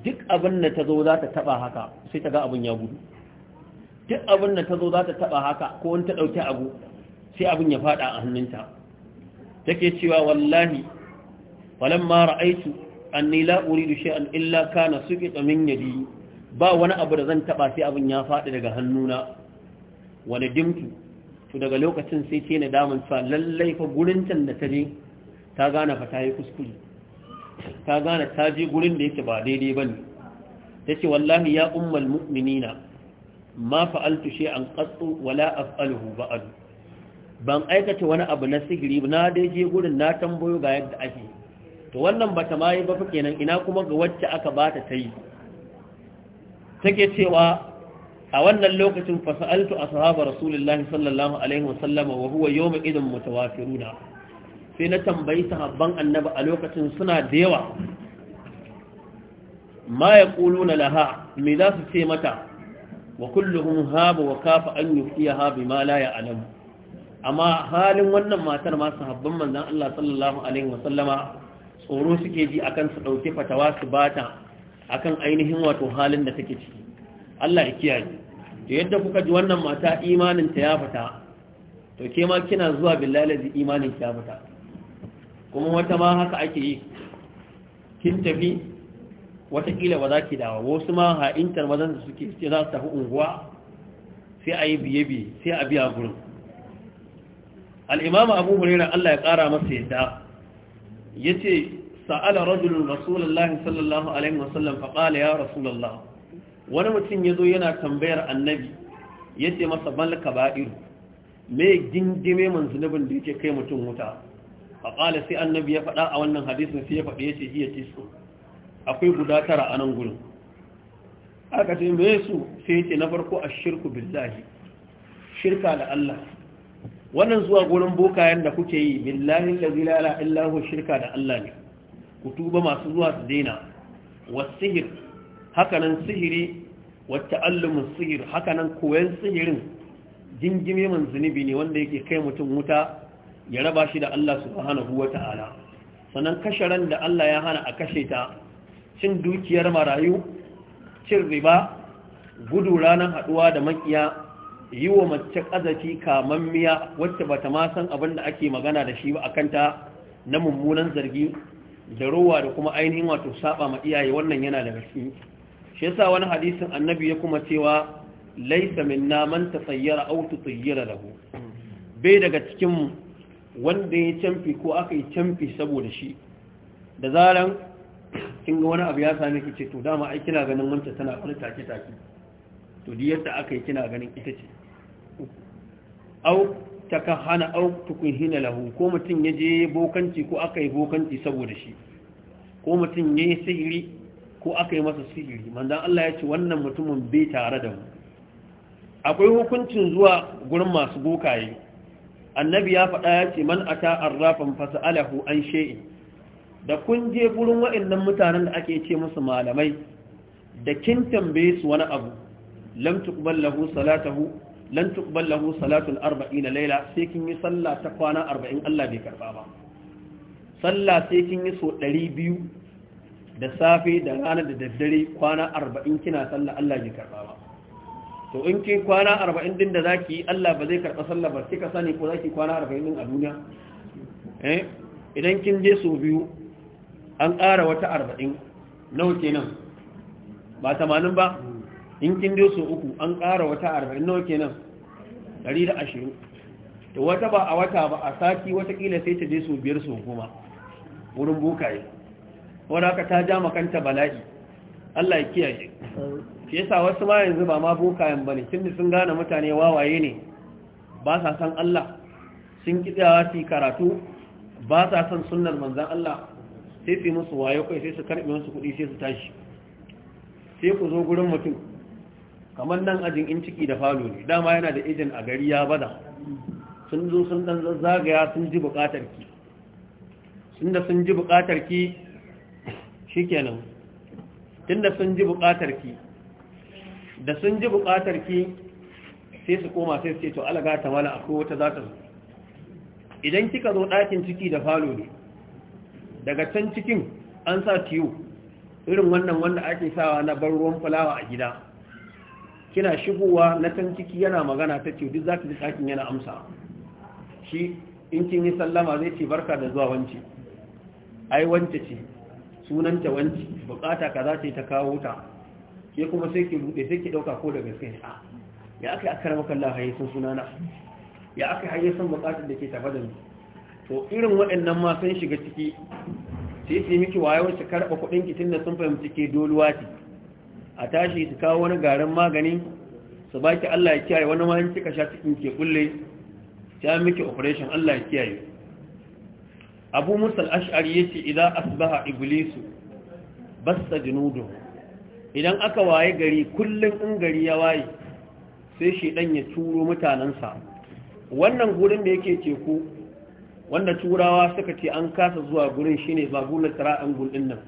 duk abin da ta zo za ta taba haka sai ta ga abin ya gudu duk abin da ta zo za ta taba haka ko wani ta ɗauki abu sai abin ya fada a hannunta take cewa wallahi falamma ra'aitu anni la uridu shay'an illa kana suqita min yadi ba wani abu da zan taba sai abin ya faɗi daga hannuna wala dimtu to daga lokacin sai ce na damun sa lallai fa gurin can da ta je ta gane fa ta yi kuskure ta gane ta je gurin da yake ba daidai ba ne ta ce wallahi ya ummal mu'minina ma fa'altu shi an katsu wala af'aluhu ba'adu ban aikata wani abu na sigiri na dai je gurin na tambayo ga yadda ake to wannan ba ta ma yi ba fa kenan ina kuma ga wacce aka bata ta yi take cewa a wannan lokacin sa'altu ashabar rasulullahi sallallahu alaihi wasallama wa huwa yawma idan mutawafiruna sai na tambayi sahabban annabi a lokacin suna da yawa ma yaquluna laha me za su ce mata wa kulluhum haba wa kafa an yufiha bima la ya'lam amma halin wannan matar ma sahabban manzon Allah sallallahu alaihi wasallama tsoro suke ji akan su dauke fatawa su bata akan ainihin wato halin da take ciki Allah ya kiyaye Da yadda kuka ji wannan mata imanin ta ya fita to ke ma kina zuwa billahi imanin ki ya fita kuma wata ma haka ake yi kin tafi watakila ba za ki dawa wasu ma ha'intar mazan da suke ce za su tafi unguwa sai a yi biye-biye sai a biya gurin al'imama abu hulera allah ya ƙara masa yadda ya ce sa'ala rajulun rasulallah sallallahu alaihi wasallam faƙala ya rasulallah wani mutum ya zo yana tambayar annabi ya ce masa malaka ba'iru mai gingime man zunubin da yake kai mutum wuta a ƙala sai annabi ya faɗa a wannan hadisun sai ya faɗi ya ce iya ce su akwai guda tara a nan gudun. aka ce mai su sai ce na farko a shirku billahi shirka da Allah wannan zuwa gurin bokayen da kuke yi billahi da zilala ilaha shirka da Allah ne ku tuba masu zuwa su daina sihir. hakanan sihiri wa allumin sihir hakanan koyon sihirin jingime man zunubi ne wanda yake kai mutum wuta ya raba shi da Allah subhanahu ta'ala, sannan kasharan da Allah ya hana a kashe ta cin dukiyar marayu cin riba gudu ranar haduwa da makiya yi wa mace kazafi miya wacce bata ma san abin da ake magana da shi ba akanta kanta na mummunan zargi da rowa da kuma ainihin wato saba ma iyaye wannan yana da gaske shi yasa wani hadisin annabi ya kuma cewa laisa minna man tasayyara aw tutayyara lahu bai daga cikin wanda ya camfi ko aka yi camfi saboda shi da zaran kin ga wani abu ya same ki ce to dama ai kina ganin wanta tana furta ki taki to di yadda aka yi kina ganin ita ce aw takahana aw tukunhina lahu ko mutum ya je bokanci ko aka yi bokanci saboda shi ko mutum ya yi sihiri ko aka yi masa sihiri manzan Allah ya ce wannan mutumin bai tare da mu akwai hukuncin zuwa gurin masu bokaye annabi ya faɗa ya ce man ata arrafan fasalahu an shei da kun je gurin waɗannan mutanen da ake ce musu malamai da kin tambaye su wani abu lam tuqbal lahu salatahu na tuqbal lahu salatul sai kin yi sallah ta kwana arba'in Allah bai karba ba sallah sai kin yi so biyu. da safe da rana da daddare kwana arba'in kina sallah Allah ya karɓa ba to in kin kwana arba'in din da zaki yi Allah ba zai karɓa sallah ba kika sani ko zaki kwana arba'in din a duniya eh idan kin je so biyu an ƙara wata arba'in nawa kenan ba tamanin ba in kin je so uku an ƙara wata arba'in nawa kenan ɗari da ashirin to wata ba a wata ba a sati kila sai ta je so biyar so goma wurin bukaye wadda aka ta ja makanta bala'i Allah ya kiyaye shi yasa wasu ma yanzu ba ma bokayen bane tunda sun gane mutane wawaye ne ba sa san Allah sun kidawa su karatu ba sa san sunnar manzon Allah sai su musu wayo kai sai su karbi musu kudi sai su tashi sai ku zo gurin mutum kamar nan ajin in ciki da falo ne dama yana da ejin a gari ya bada sun zo sun dan zazzagaya sun ji bukatar ki sun da sun ji bukatar ki tun tunda sun ji buƙatar ki da sun ji buƙatar ki sai su koma sai su ce to alaga ta mala akwai wata za ta zo idan kika zo ɗakin ciki da falo ne daga can cikin an sa tiyo irin wannan wanda ake sawa na bar ruwan fulawa a gida kina shigowa na can ciki yana magana ta ce duk za ta ji ɗakin yana amsa shi in kin yi sallama zai ce barka da zuwa wance ai wance ce sunanta wanci bukata kaza ce ta kawo ta ke kuma sai ki bude sai ki dauka ko da gaske ne a ya aka akara maka Allah hayi sun sunana ya aka hayi sun bukatun da ke tafa da ni to irin waɗannan ma sun shiga ciki sai su miki wayo su karba kuɗin ki tunda sun fahimci ke doluwa ce a tashi su kawo wani garin magani su baki Allah ya kiyaye wani ma in kika sha cikin ke kulle ta miki operation Allah ya kiyaye abu musal ashari ya ce idan asbaha iblisu basta jinudu idan aka waye gari kullum in gari ya waye sai shiɗan ya turo mutanensa wannan gurin da yake teku wanda turawa suka ce an kasa zuwa gurin shine ba gunar tara'an nan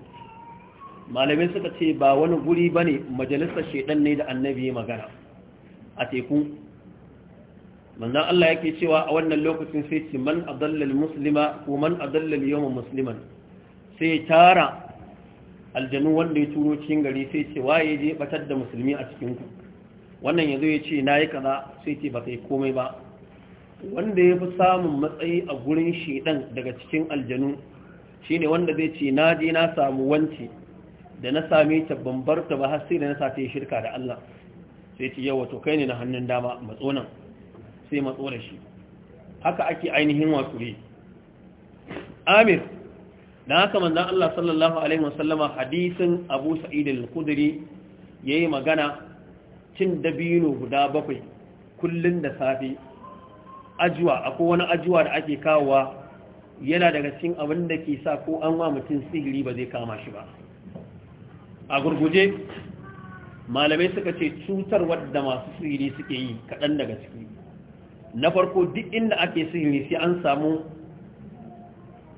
malamai suka ce ba wani guri bane majalisar shaidan ne da annabi magana a teku manzan Allah yake cewa a wannan lokacin sai ce man a adallal musulma ko man a adallal yawan musulman. sai tara aljanu wanda ya turo cikin gari sai ce waye je batar da musulmi a cikin ku wannan yazo ya ce na yi kaza sai ce ba kai komai ba wanda ya fi samun matsayi a gurin shiɗan daga cikin aljanu ne wanda zai ce na je na samu wanci da na same ta bambarta ba har sai da na sa ta yi shirka da Allah sai ce yawa to kai ne na hannun dama matsonan sai matso da shi haka ake ainihin wasu yi amir da haka manzan Allah sallallahu Alaihi wasallama hadisin abu Sa'idu al-kudiri ya yi magana cin dabino guda bakwai kullum da safe ajiwa akwai wani ajiwa da ake kawowa yana daga cikin abin da ke sa ko an wa mutum sigiri ba zai kama shi ba a gurguje malamai suka ce cutar wadda masu sigiri suke yi kaɗan daga ciki na farko duk inda ake sirri sai an samu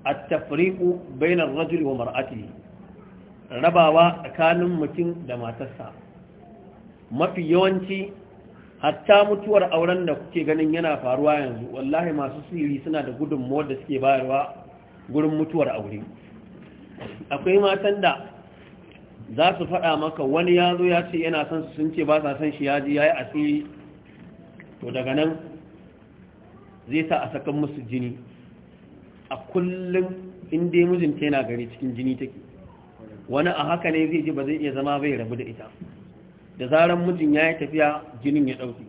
a Bainar bayna rajul wa rabawa tsakanin mutum da matarsa mafi yawanci hatta mutuwar auren da kuke ganin yana faruwa yanzu wallahi masu sirri suna da gudunmuwar da suke bayarwa gurin mutuwar aure akwai matan da za su faɗa maka wani yazo ya ce yana son su sun ce ba sa son shi ya ji ya yi asiri to daga nan zai sa a sakan musu jini a kullum inda mijinta yana gari cikin jini take wani a haka ne zai ji ba zai iya zama bai rabu da ita da zaran mijin ya yi tafiya jinin ya ɗauki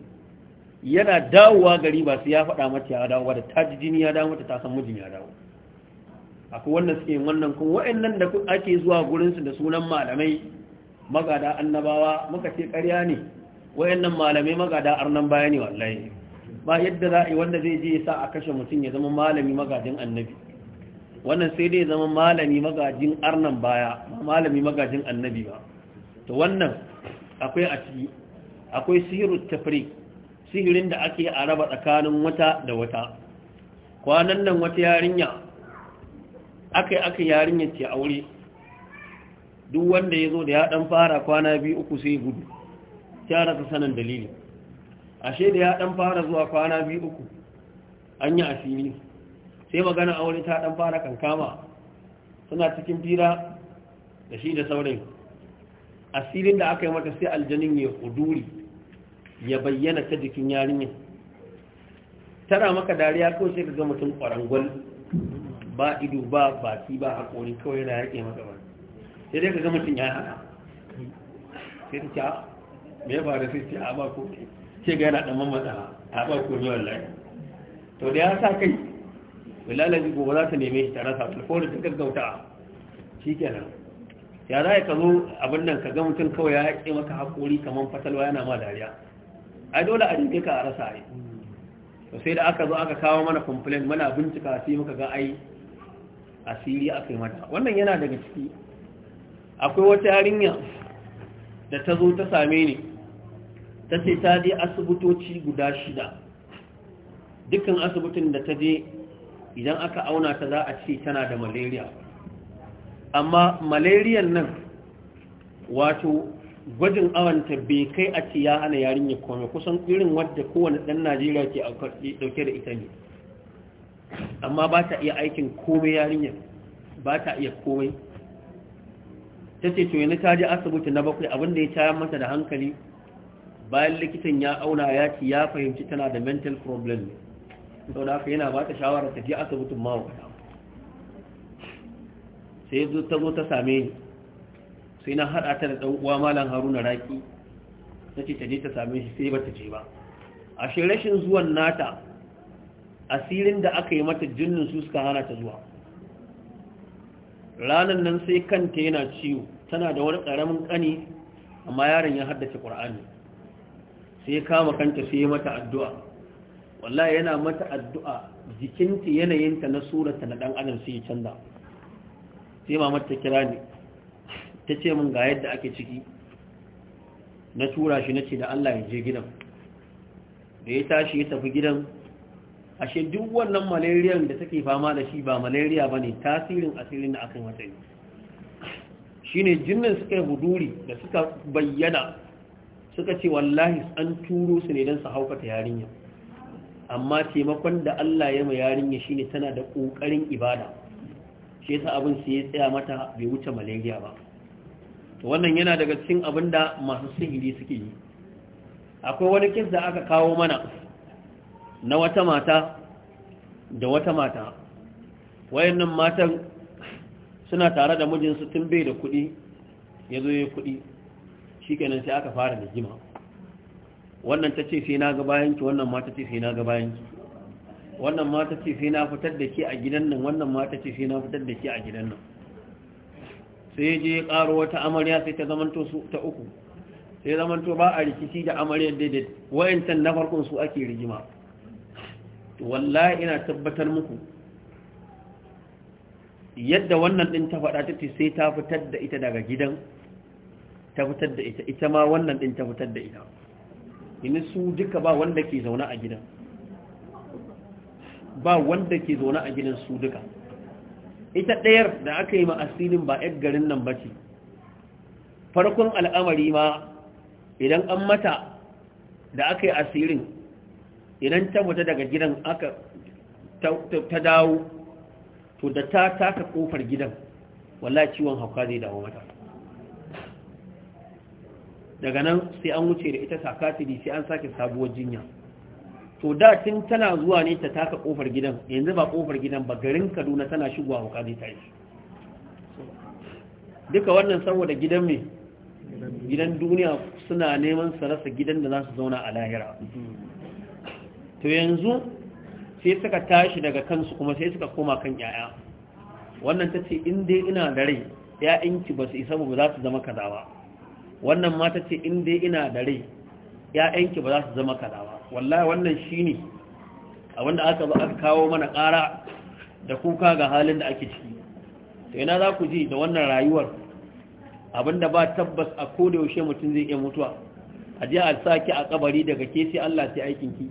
yana dawowa gari ba su ya faɗa mata ya dawo da ta ji jini ya dawo mata ta san mijin ya dawo akwai wannan suke wannan kun wa'annan da ake zuwa gurinsu da sunan malamai magada annabawa muka ce ƙarya ne wa'annan malamai magada arnan baya ne wallahi ba yadda za a yi wanda zai je ya sa a kashe mutum ya zama malami magajin annabi wannan sai dai zama malami magajin arnan baya malami magajin annabi ba to wannan akwai a ciki akwai sihiru tafri sihirin da ake a raba tsakanin wata da wata kwanan nan wata yarinya aka yi aka yarinya ce aure duk wanda ya zo da ya dan fara kwana biyu uku sai gudu ta rasa sanin dalili ashe da ya dan fara zuwa kwana biyu uku an yi asiri sai magana aure ta dan fara kankama suna cikin fira da shi da saurayin asirin da aka yi mata sai aljanin ya kuduri ya bayyana ta jikin yarinyar tana maka dariya ko sai ka ga mutum kwarangwal ba ido ba baki ba hakori kawai yana yake maka ba sai dai ka ga mutum ya hana sai ta ce ah, me ah, ba da sai ce a ba ko ce ga yana ɗan matsala a ba ko ne wallahi to da ya sa kai wallahi gobe za ta neme shi ta rasa alfawar ta gaggauta shi kenan ya za ka zo abin nan ka ga mutum kawai ya haƙe maka haƙori kamar fatalwa yana ma dariya ai dole a dinke ka a rasa ai to sai da aka zo aka kawo mana complaint mana bincika sai muka ga ai asiri aka yi mata wannan yana daga ciki akwai wata yarinya da ta zo ta same ni ta ce ta je asibitoci guda shida dukkan asibitin da ta je idan aka auna ta za a ce tana da malaria amma malaria nan wato gwajin awanta bai kai a ce ya hana yarinya kome kusan irin wadda kowane ɗan najeriya ke ɗauke da ita ne amma ba ta iya aikin komai yarinya ba ta iya komai ta ce to yana ta je asibiti na bakwai abinda ya tayar mata da hankali bayan likitan ya auna ya ci ya fahimci tana da mental problem ne sau da haka yana ba ta shawara ta je asibitin mawakata sai ta zo ta same ni sai na haɗa ta da ɗan uwa malam haruna raki na ce ta je ta same shi sai ba ta je ba a rashin zuwan nata asirin da aka yi mata jinnin su suka hana ta zuwa ranar nan sai kanta yana ciwo tana da wani ƙaramin ƙani amma yaron ya haddace ƙur'ani sai kama kanta sai ya mata addu'a wallahi yana mata addu'a jikinta yanayinta na surata na dan adam sai ya canza sai mamar ta kira ni ta ce min ga yadda ake ciki na tura shi na ce da Allah ya je gidan da ya tashi ya tafi gidan ashe duk wannan malariyar da take fama da shi ba malariya ba ne tasirin asirin da aka yi matsayi shi ne jinnin suka yi huduri da suka bayyana suka ce wallahi an turo su ne don su haukata yarinya amma taimakon da Allah ya ma yarinya shine tana da ƙoƙarin ibada shi yasa abin su ya tsaya mata bai wuce malaria ba to wannan yana daga cikin abin da masu sihiri suke yi akwai wani kes da aka kawo mana na wata mata da wata mata wayannan matan suna tare da mijinsu tun bai da kuɗi ya zo ya kuɗi shikenan sai aka fara da jima wannan ta ce sai na ga bayan ki wannan ma ta ce sai na ga bayan ki wannan ma ta ce sai na fitar da ke a gidan nan wannan ma ta ce sai na fitar da ke a gidan nan sai je ya karo wata amarya sai ta zamanto su ta uku sai zamanto ba a rikici da amaryar daidai wayancan na farkon su ake rigima wallahi ina tabbatar muku yadda wannan din ta faɗa ta ce sai ta fitar da ita daga gidan ta fitar da ita ita ma wannan din ta fitar da ita Ina su duka ba wanda ke zaune a gidan ba wanda ke zaune a gidan su duka ita ɗayar da aka yi ma asirin ba ‘yar garin nan ba ce farkon al'amari ma idan an mata da aka yi asirin idan ta mutu daga gidan aka ta dawo to da ta taka kofar gidan wallahi ciwon hauka zai dawo mata daga nan sai an wuce da ita sakatiri sai an sake sabuwar jinya to da tun tana zuwa ne ta taka kofar gidan yanzu ba kofar gidan ba garin kaduna tana shigowa hauka zai ta yi duka wannan saboda gidan mai gidan duniya suna neman su rasa gidan da za su zauna a lahira to yanzu sai suka tashi daga kansu kuma sai suka koma kan yaya wannan ta ce in dai ina da rai ya'yanki ba su isa ba za su zama kaza ba wannan mata ce in dai ina da rai ‘ya'yanki ba za su zama kaza ba wallahi wannan shi ne abinda aka ba aka kawo mana ƙara da kuka ga halin da ake ciki to ina za ku ji da wannan rayuwar abinda ba tabbas a koda yaushe mutum zai iya mutuwa a je a a kabari daga ke sai Allah sai aikin ki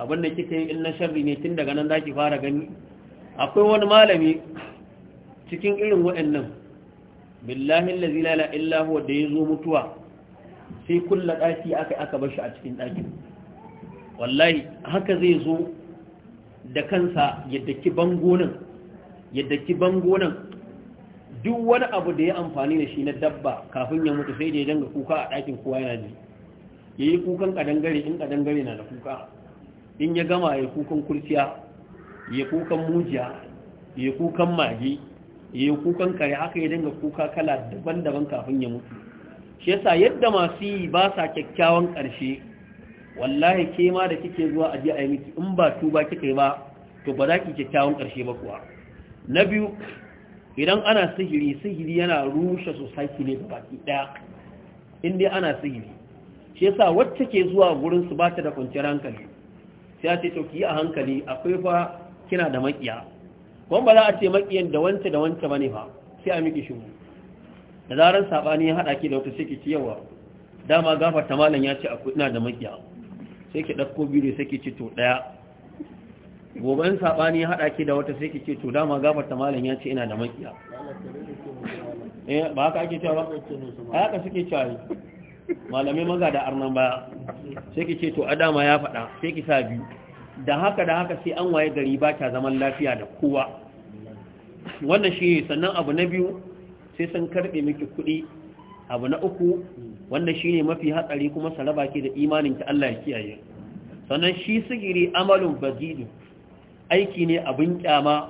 abinda kika yi in na sharri ne tun daga nan zaki fara gani akwai wani malami cikin irin waɗannan billahi allazi la ilaha illa huwa da yazo mutuwa sai kulla daki aka aka bar shi a cikin daki wallahi haka zai zo da kansa yadda ki bangonin yadda ki bangonin duk wani abu da ya amfani da shi na dabba kafin ya mutu sai da ya danga kuka a ɗakin kowa yana ji yayi kukan kadangare in kadangare na da kuka in ya gama ya kukan kurciya ya kukan mujiya ya kukan mage yi kukan kare haka ya dinga kuka kala daban-daban kafin ya mutu shi yasa yadda masu yi ba sa kyakkyawan ƙarshe wallahi ke ma da kike zuwa aje a yi miki in ba tuba kika yi ba to ba za ki kyakkyawan ƙarshe ba kuwa na biyu idan ana sihiri sihiri yana rushe saki ne ba baki ɗaya in dai ana sihiri shi yasa wacce ke zuwa gurin su ba ta da kwanciyar hankali sai a ce to ki yi a hankali akwai fa kina da maƙiya? kuma ba za a ce makiyan da wance da wance bane ba sai a miki shi da zaran sabani ya hada ki da wata sai ki ci yawa dama ta malam ya ce akwai ina da makiya sai ki dauko biyu sai ki ci to daya goben sabani ya hada ki da wata sai ki ce to dama ta malam ya ce ina da makiya eh ba haka ake cewa ba haka suke cewa malamai maza da arnan baya sai ki ce to adama ya faɗa sai ki sa biyu da haka da haka sai an waye gari ba ta zaman lafiya da kowa wannan shi ne sannan abu na biyu sai sun karɓe miki kuɗi abu na uku wannan shi ne mafi hatsari kuma saraba ke da imanin Allah ya kiyaye sannan shi sigiri amalin bazidu aiki ne abin kyama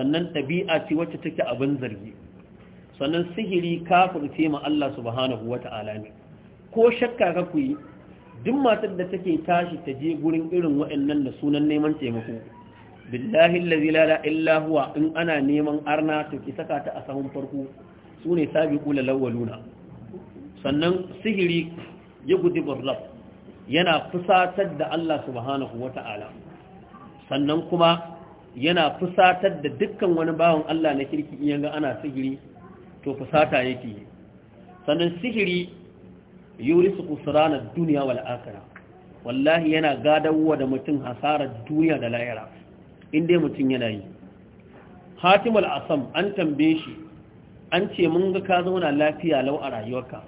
sannan ɗabi'a ce wacce take abin zargi sannan sihiri kafirce ma Allah subhanahu wata'ala ne ko shakka ka ku yi duk matar da take tashi ta je gurin irin wa'annan da sunan neman taimako billahi allazi la illa huwa in ana neman arna to ki saka ta a sahun farko sune sabiqu lalawaluna sannan sihiri ya guji burlaf yana fusatar da Allah subhanahu wata'ala sannan kuma yana fusatar da dukkan wani bawan Allah na kirki in yanga ana sihiri to fusata yake sannan sihiri Yuri su yurisu na duniya wa la'akara. wallahi yana gadawa da mutum hasarar duniya da lahira inda mutum yana yi hatim al'asam an tambaye shi an ce mun ga ka zauna lafiya lau a rayuwarka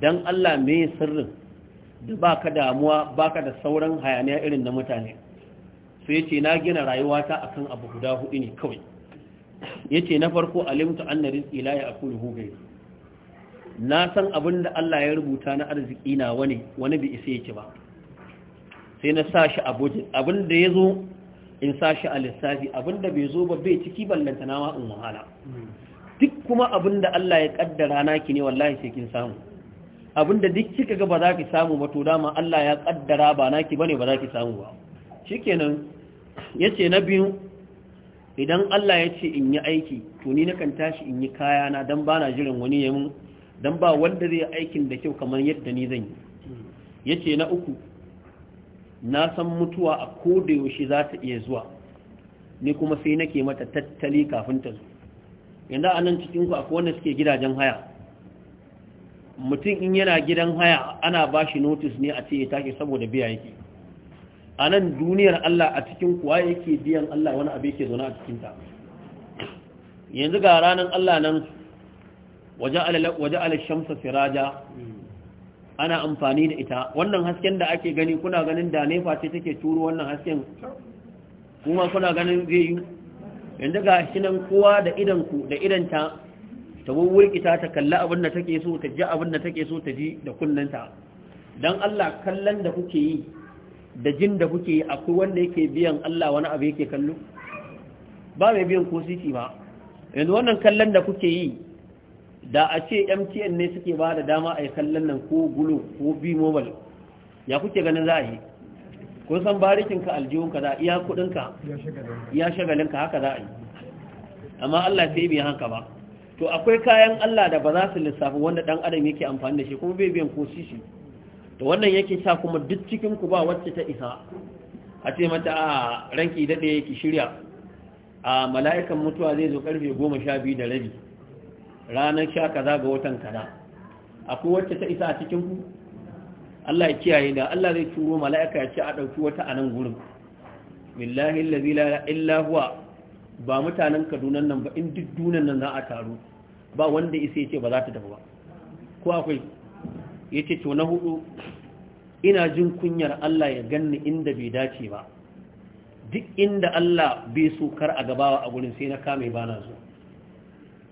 Don Allah me sirrin da ba ka damuwa ba ka da sauran hayaniya irin na mutane Su ya ce na gina rayuwata akan abu guda hudu ne kawai Ya ce na farko alimtu anna rizqi la ya'kuluhu ghayru na san abin da Allah ya rubuta na arziki na wani wani bi isa yake ba sai na sa shi a abin da ya zo in sa shi a lissafi abin da bai zo ba bai ciki ballanta na ma in wahala duk kuma abin da Allah ya kaddara naki ne wallahi sai kin samu abin da duk kika ga ba za ki samu ba to dama Allah ya kaddara ba naki bane ba za ki samu ba shikenan yace na biyu idan Allah ya ce in yi aiki to ni nakan tashi in yi kayana don dan bana jiran wani ya mun dan ba wanda zai aikin da kyau kamar yadda ni zan yi yace na uku na san mutuwa a koda yaushe za ta iya zuwa ni kuma sai nake mata tattali kafin ta zo yanzu a nan cikin ku akwai wanda suke gidajen haya mutum in yana gidan haya ana ba shi notis ne a ce ya take saboda biya yake a nan duniyar Allah a cikin kuwa yake biyan Allah wani abu yake zaune a cikinta yanzu ga ranar Allah nan waje shamsa siraja ana amfani da ita wannan hasken da ake gani kuna ganin da nefa ce take turu wannan hasken kuma kuna ganin zai yi yanzu ga shi nan kowa da idanku da idanta ta wurwurkita ta kalli abin da take so ta ji abin da take so ta ji da kunnanta don Allah kallon da kuke yi da jin da kuke yi akwai wanda yake biyan Allah wani abu yake kallo ba mai biyan ko sisi ba yanzu wannan kallon da kuke yi da a ce mtn ne suke ba da dama a yi kallon nan ko gulo ko bi mobile ya kuke ganin za a yi kun san barikinka aljihunka za a iya ka iya shagalinka haka za a yi amma allah sai bai haka ba to akwai kayan allah da ba za su lissafi wanda dan adam yake amfani da shi kuma bai biyan ko shi to wannan yake sa kuma duk cikin ku ba wacce ta isa a ce mata a ranki daɗe ki shirya a mala'ikan mutuwa zai zo karfe goma sha biyu da rabi ranar sha kaza ga watan kaza akwai wacce ta isa a cikin ku Allah ya kiyaye da Allah zai turo mala'ika ya ce a ɗauki wata a nan gurin billahi allazi la illa huwa ba mutanen Kaduna nan ba in duk dunan nan za a taru ba wanda isa ya ba za ta tafi ba ko akwai yace to na hudu ina jin kunyar Allah ya ganni inda bai dace ba duk inda Allah bai sokar a gabawa a gurin sai na kame bana zuwa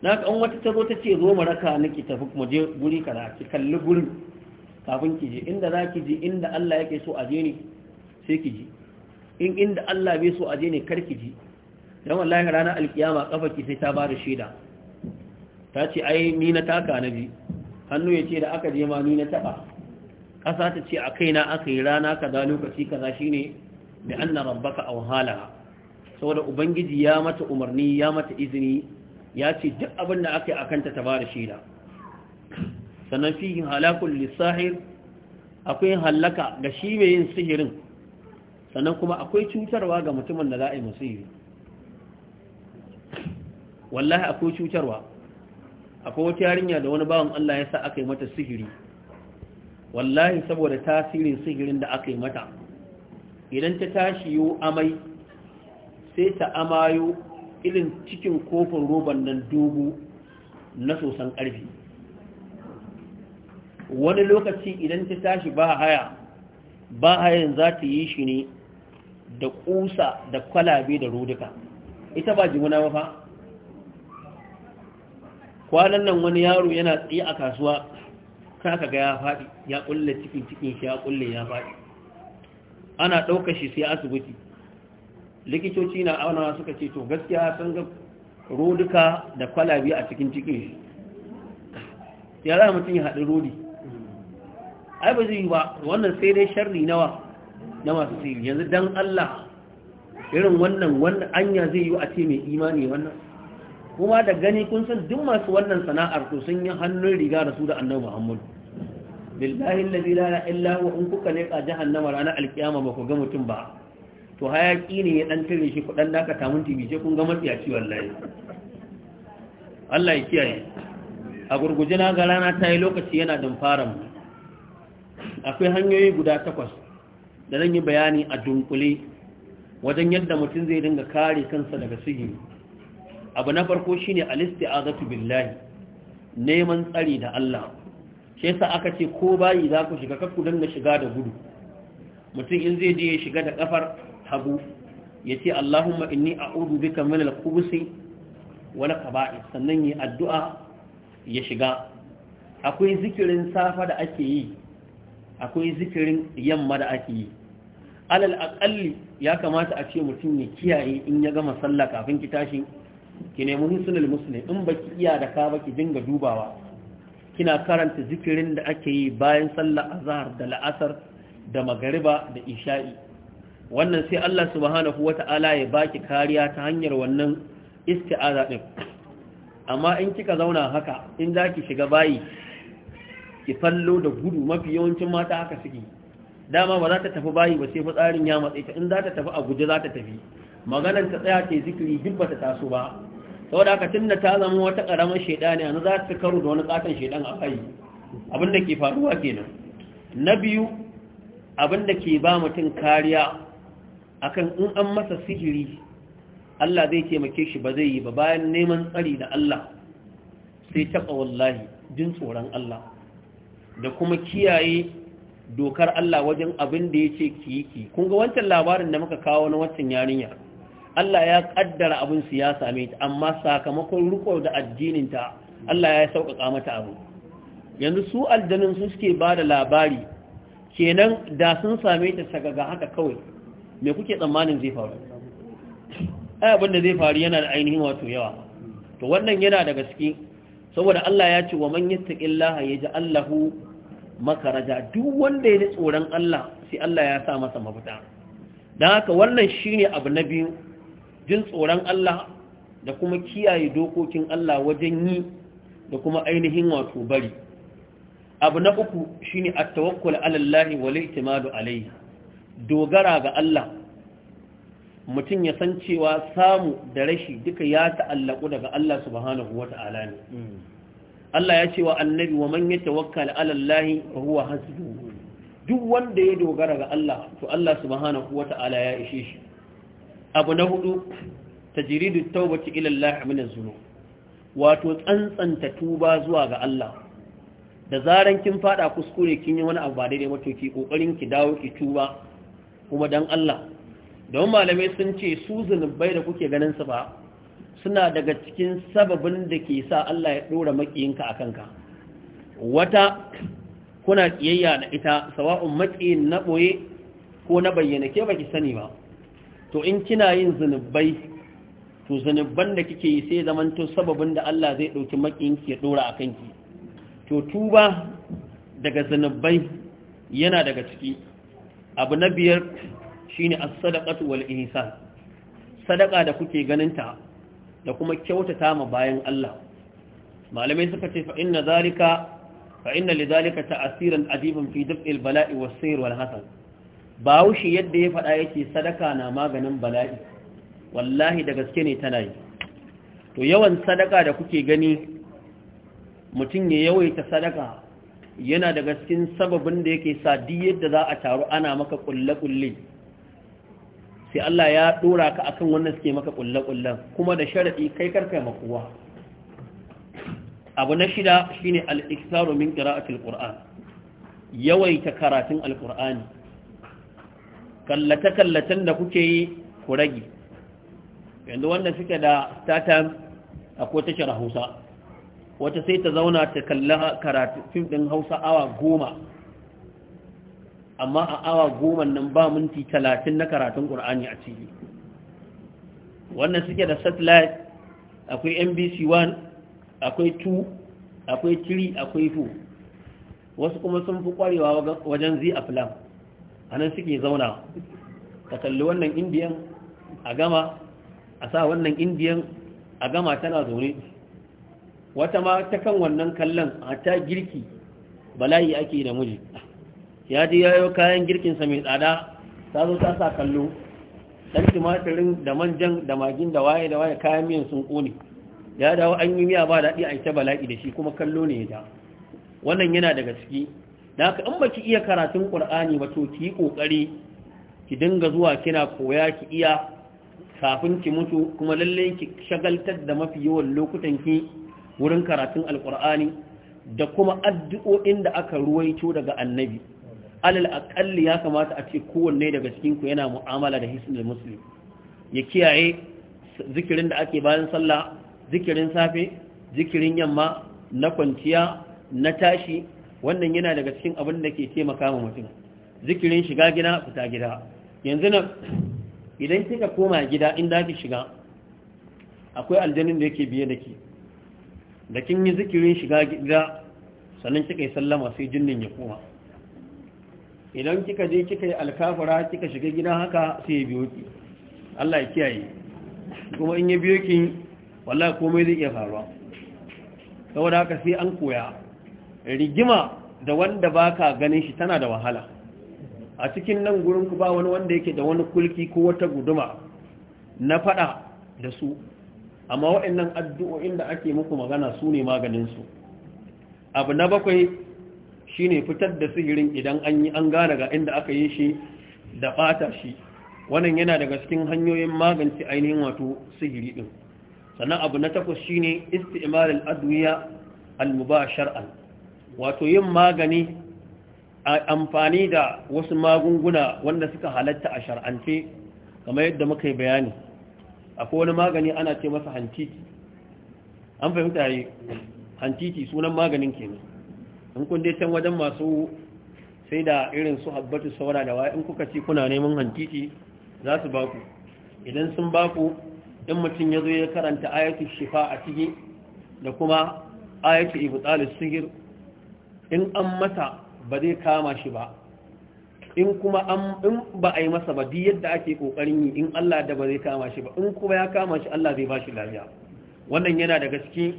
na kan wata ta zo ta ce zo mu raka niki tafi mu je guri kaza ki kalli guri kafin ki je inda za ki je inda Allah yake so a je ne sai ki je in inda Allah bai so a je ne kar ki je dan wallahi rana alkiyama kafa ki sai ta ba da shaida ta ce ai ni na taka na bi hannu ya ce da aka je ma ni na taba ƙasa ta ce a kaina aka yi rana kaza lokaci kaza shine bi anna rabbaka awhala saboda ubangiji ya mata umarni ya mata izini ya ce duk abin da aka yi a kanta ta ba da shaida sannan fi halakun lissahir akwai halaka ga shi mai yin sihirin sannan kuma akwai cutarwa ga mutumin da za a yi musiri wallahi akwai cutarwa akwai wata yarinya da wani bawan Allah ya sa aka yi mata sihiri wallahi saboda tasirin sihirin da aka yi mata idan ta tashi yiwu amai sai ta amayo irin cikin kofin roban nan dubu na sosan ƙarfi wani lokaci idan ta tashi ba haya ba hayan za ta yi shi ne da ƙusa da kwalabe da roduka ita ba jimuna ba fa kwanan nan wani yaro yana tsaye a kasuwa kaka ga ya faɗi ya ƙulle cikin cikin shi ya ƙulle ya faɗi ana ɗaukashi sai asibiti likitoci na auna suka ce to gaskiya sun ga roduka da kwalabi a cikin cikin shi ya za mutum ya haɗi rodi ai ba zai yi ba wannan sai dai sharri nawa na masu siri yanzu don Allah irin wannan wannan anya zai yi a ce mai imani wannan kuma da gani kun san duk masu wannan sana'ar to sun yi hannun riga da su da annabi Muhammad billahi allazi la ilaha illa huwa in kuka leka jahannama ranar alkiyama ba ku ga mutum ba to hayaki ne ya dan tare shi kudan da mun tamun tibije kun ga ciwon wallahi Allah ya kiyaye a gurguje na ga rana ta yi lokaci yana dan fara mu akwai hanyoyi guda takwas da zan yi bayani a dunkule wajen yadda mutum zai dinga kare kansa daga sihiri abu na farko shine alisti'azatu billahi neman tsari da Allah shi yasa aka ce ko bayi za ku shiga kakku dinga shiga da gudu mutum in zai je ya shiga da kafar hagu ya ce Allahumma inni a'udhu bika min al wani wal sannan yi addu'a ya shiga akwai zikirin safa da ake yi akwai zikirin yamma da ake yi alal akalli ya kamata a ce mutum ya kiyaye in ya gama sallah kafin ki tashi ki nemi husnul muslim in baki iya da ka ki dinga dubawa kina karanta zikirin da ake yi bayan sallah a zahar da la'asar da magariba da isha'i wannan sai Allah subhanahu wata'ala ya baki kariya ta hanyar wannan isti'aza din amma in kika zauna haka in ki shiga bayi ki fallo da gudu mafi yawancin mata haka suke dama ba za ta tafi bayi ba sai fitsarin ya matse ta in za ta tafi a guje za ta tafi maganar ta tsaya ce zikiri duk ba ta taso ba saboda haka tunda ta zama wata karamar shedani yanzu za ta karo da wani katon shedan a kai abin ke faruwa kenan na biyu abin ke ba mutum kariya akan in an masa sihiri Allah zai taimake shi ba zai yi ba bayan neman tsari da Allah sai taɓa wallahi jin tsoron Allah da kuma kiyaye dokar Allah wajen abin da ya ce ki yi ki kun ga wancan labarin da muka kawo na wancan yarinya Allah ya kaddara abin su ya same ta amma sakamakon riko da addinin ta Allah ya sauƙaƙa mata abu yanzu su aljanin su suke ba da labari kenan da sun same ta sagaga haka kawai me kuke tsammanin zai faru ai abin da zai faru yana da ainihin wato yawa to wannan yana daga gaske saboda Allah ya ce wa man yattaqillaha yaj'al lahu makaraja duk wanda ya ji tsoron Allah sai Allah ya sa masa mafita dan haka wannan shine abu na biyu jin tsoron Allah da kuma kiyaye dokokin Allah wajen yi da kuma ainihin wato bari abu na uku shine at-tawakkul ala Allah wal i'timadu alayhi dogara ga Allah mutum ya san cewa samu da rashi duka ya ta'allaku daga Allah subhanahu wa ta'ala ne Allah ya ce wa annabi wa man yatawakkal ala Allah huwa duk wanda ya dogara ga Allah to Allah subhanahu wa ya ishe shi abu na hudu tajridu tawbati ila Allah min az-zunub wato tsantsanta tuba zuwa ga Allah da zaran kin fada kuskure kin yi wani abu ba daidai ba ƙoƙarin ki ki dawo ki tuba kuma dan Allah don malamai sun ce su zunubai da kuke ganin su ba suna daga cikin sababin da ke sa Allah ya ɗora makiyinka a kanka wata kuna kiyayya da ita sawa'un makiyin na ɓoye ko na bayyana ke baki sani ba to in kina yin zunubai to zunuban da kike yi sai zaman zamanto sababin da Allah zai ɗauki makiyinki ya ɗora a kanki to tuba daga zunubai yana daga ciki abu na biyar shine as-sadaqatu wal ihsan sadaka da kuke ganinta da kuma kyautata ma bayan Allah malamai suka ce fa inna zalika fa inna lidhalika ta'asiran adiban fi daf'il bala'i was sayr wal hasan yadda ya faɗa yake sadaka na maganin bala'i wallahi da gaske ne tana yi to yawan sadaka da kuke gani mutum ya yawaita sadaka yana da cikin sababin da yake sa duk yadda za a taru ana maka kulle-kulle sai Allah ya dora ka akan wannan suke maka kulle-kullen kuma da sharadi kai karkai makuwa abu na shida shine al-iktaru min qira'atil qur'an yawaita karatun al-qur'ani kallata kallatan da kuke yi ku rage yanzu wanda suke da tatan akwai tashar Hausa wata sai ta zauna ta kalla karatu fim ɗin hausa awa goma amma a awa goma nan ba minti talatin na karatun ƙur'ani a ciki wannan suke da satellite akwai nbc 1 akwai 2 akwai 3 akwai 4 wasu kuma sun fi ƙwarewa wajen zi a filan a nan suke zauna ka kalli wannan indiyan a gama a sa wannan indiyan a gama tana zaune wata ma ta kan wannan kallon a ta girki bala'i ake da miji ya ji yayo kayan girkinsa mai tsada ta zo ta sa kallo ɗan tumatirin, da manjan da magin da waye da waye kayan miyan sun kone. ya dawo an yi miya ba daɗi a ita bala'i da shi kuma kallo ne ya ja wannan yana daga ciki da haka in baki iya karatun ƙur'ani ba to ki yi ƙoƙari ki dinga zuwa kina koya ki iya kafin ki mutu kuma lallai ki shagaltar da mafi yawan lokutan ki wurin karatun alkur'ani da kuma addu'o'in da aka ruwaito daga annabi alal akalli ya kamata a ce kowanne daga cikin ku yana mu'amala da hisnul muslim ya kiyaye zikirin da ake bayan sallah zikirin safe zikirin yamma na kwanciya na tashi wannan yana daga cikin abin da ke taimaka ma mutum zikirin shiga gida fita gida yanzu nan idan kika koma gida inda ki shiga akwai aljanin da yake biye da ke da kin yi zikirin shiga gida sannan kika yi sallama sai jinnin ya koma idan kika je kika yi alkafara kika shiga gida haka sai ya biyo ki Allah ya kiyaye kuma in ya biyo ki wallahi komai zai iya faruwa saboda haka sai an koya rigima da wanda baka ganin shi tana da wahala a cikin nan gurin ku ba wani wanda yake da wani kulki ko wata guduma na fada da su amma waɗannan addu'o'in da ake muku magana su ne su abu na bakwai shine fitar da sihirin idan an yi an gane ga inda aka yi shi da ɓata shi wannan yana daga cikin hanyoyin magance ainihin wato sihiri ɗin sannan abu na takwas shine isti'malil adwiya al-mubashar'an wato yin magani a amfani da wasu magunguna wanda suka halatta a shar'ance kamar yadda muka yi bayani akwai wani magani ana ce masa hantiti an fahimta yi hantiti sunan maganin kenan in kun dai can wajen masu sai da irin su habbatu saura da waya in kuka ci kuna neman hantiti za su baku idan sun baku in mutum ya zo ya karanta ayatul shifa a ciki da kuma ayatul ibtalus sihir in an mata ba zai kama shi ba in kuma in ba a yi masa ba duk yadda ake kokarin yi in Allah da ba zai kama shi ba in kuma ya kama shi Allah zai ba shi lafiya wannan yana daga ciki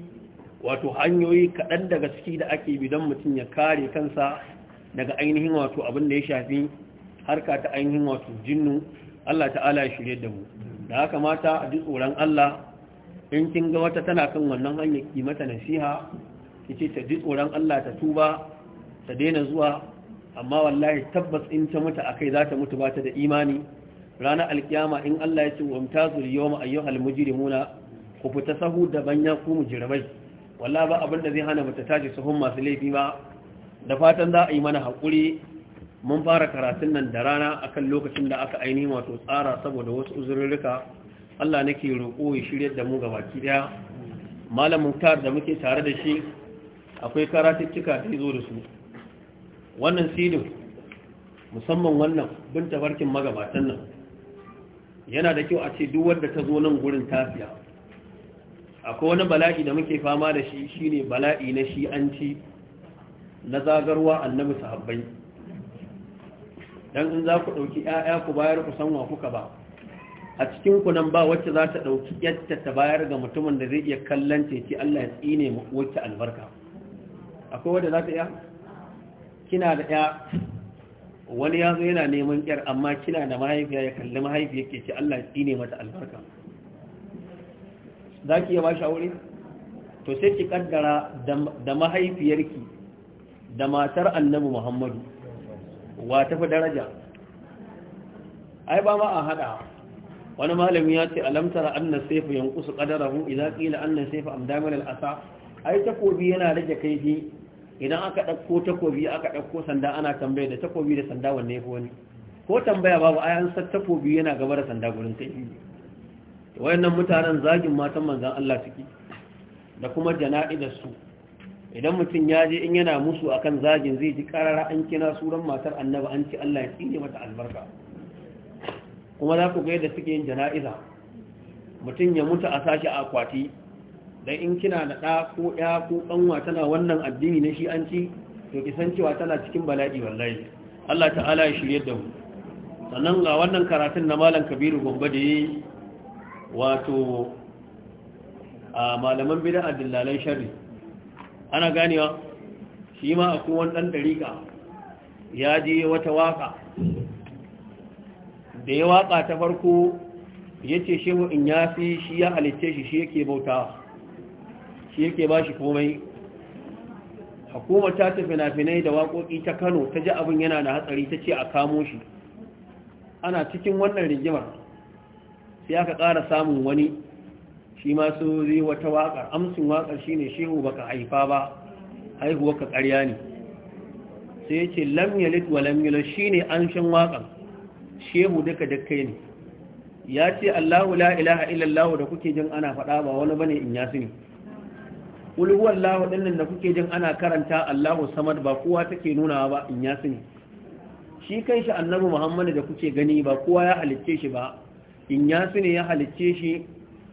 wato hanyoyi kaɗan daga ciki da ake bi don mutum ya kare kansa daga ainihin wato abin da ya shafi harka ta ainihin wato jinnu Allah ta'ala ya shirye da mu da haka mata a ji tsoron Allah in kin ga wata tana kan wannan hanyar ki mata nasiha ki ce ta ji tsoron Allah ta tuba ta daina zuwa amma wallahi tabbas in ta mutu akai za ta mutu ba ta da imani rana alkiyama in Allah ya ce wa mutazul yawma ayyuhal mujrimuna ku fita sahu daban ya ku mujrimai wallahi ba abin da zai hana mutu taji sahun masu laifi ba da fatan za a yi mana hakuri mun fara karatun nan da rana akan lokacin da aka aini wato tsara saboda wasu uzurrurruka Allah nake roƙo ya shirye da mu gabaki daya malamin tar da muke tare da shi akwai karatuttuka da zo da su wannan sidin musamman wannan bin tabarkin magabatan nan yana da kyau a ce duk wanda ta zo nan gurin tafiya akwai wani bala'i da muke fama da shi shine bala'i na shi shi'anci na zagarwa annabi sahabbai dan in za ku ɗauki 'ya'ya ku bayar ku sanwa kuka ba a cikin ku nan ba wacce za ta ɗauki yadda ta bayar ga mutumin da zai iya kallon ceci Allah ya tsine wacce albarka akwai wadda za ta iya kina da ya wani ya zo yana neman kyar amma kina da mahaifiya ya kalli mahaifiya ke ce Allah ya tsine mata albarka za ki iya ba shi aure to sai ki kaddara da mahaifiyarki da matar annabi muhammadu wa tafi daraja ai ba ma a hada wani malami ya ce alamtara annas saifu Yankusu qadarahu idza qila annas saifu amdamal al ai takobi yana rage kaifi idan aka ɗauko takobi aka ɗauko sanda ana tambaya da takobi da sanda wanne ko wani ko tambaya babu a yan san takobi yana gaba da sanda gurin ta yi wayannan mutanen zagin matan manzan Allah suke da kuma jana'idar su idan mutum ya je in yana musu akan zagin zai ji karara an kina suran matar annabi an ci Allah ya tsine mata albarka kuma za ku ga yadda suke yin jana'iza mutum ya mutu a sashi a akwati dan in kina da ɗa ko ya ko kanwa tana wannan addini na shi an ci to ki san cewa tana cikin bala'i wallahi Allah ta'ala ya shirye da mu sannan ga wannan karatun na malam kabiru gombe da yi wato a malaman bid'a dillalan sharri ana ganewa shi ma a wani dan dariƙa ya je wata waka da ya waka ta farko ya ce shehu in ya fi shi ya halitta shi shi yake bautawa shi yake ba shi komai hukumar ta tafi nafinai da waƙoƙi ta kano ta ji abin yana da hatsari ta ce a kamo shi ana cikin wannan rigimar sai aka ƙara samun wani shi ma su zai wata waƙar amsin waƙar shi shehu baka haifa ba haihuwar ka ƙarya ne sai ya ce lamyalit wa lamyalit shi ne an shan waƙar shehu duka dukkai ne ya ce allahu la ilaha illallahu da kuke jin ana faɗa ba wani bane in yasu ne kul Allah dinnan da kuke jin ana karanta Allahu samad ba kowa take nuna ba in ya sani shi kan shi annabi Muhammad da kuke gani ba kowa ya halicce shi ba in ya sani ya halicce shi